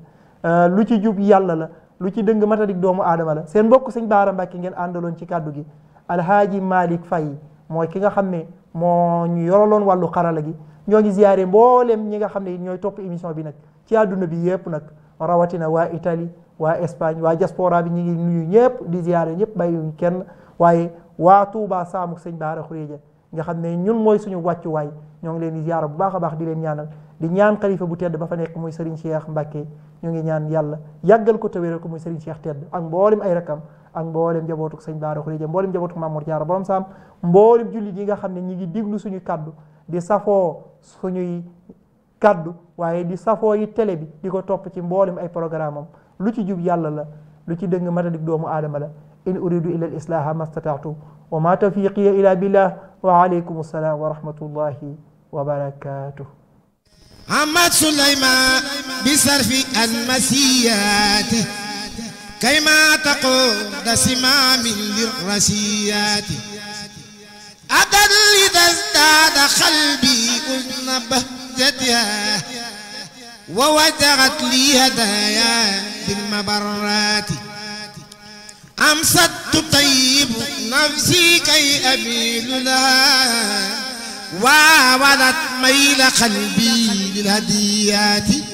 euh, lu ci jub yàlla la lu ci dëng matadik doomu aadama la seen mbokk sëñ Baara Mbàkke ngeen àndaloon ci kàddu gi Alhaaji Malick fay mooy ki nga xam ne moo ñu yoraloon wàllu xarala gi ñoo ngi ziyaare mbooleem ñi nga xam ne ñooy topp émission bi nag ci àdduna bi yëpp nag rawatina waa Italie waa Espagne waa diaspora bi ñu ngi nuyu ñëpp di ziyaare ñëpp bàyyiwuñ kenn waaye waa Touba Saamu sëñ Baara Xuréja nga xam ne ñun mooy suñu wàccuwaay ñoo ngi leen di ziyaara bu baax a baax di leen ñaanal di ñaan xalifa bu tedd ba fa nekk muy Serigne Cheikh Mbacke ñu ngi ñaan yàlla yàggal ko tawéeral ko muy Serigne Cheikh tedd ak mboolem ay rakam ak mboolem jabootuk sëñ Baara Xurija mboolem jabootuk Mamour Diarra borom saam mboolem jullit yi nga xam ne ñi ngi diglu suñu kaddu di safoo suñuy kàddu waaye di safoo yi tele bi di ko topp ci mboolem ay programme am lu ci jub yàlla la lu ci dëng matadik doomu aadama la in uridu illa al islaha ma stataatu wa ma tawfiqiya ila billah wa alaykum assalam wa rahmatullahi wa barakatuh Ahmad Souleymane bisarfi almasiyat kayma taqud simam lirrasiyat adan idha izdada qalbi uzn bahjatiha ووجعت لي هدايا بالمبرات أمسدت طيب نفسي كي أميل لها وولت ميل قلبي للهديات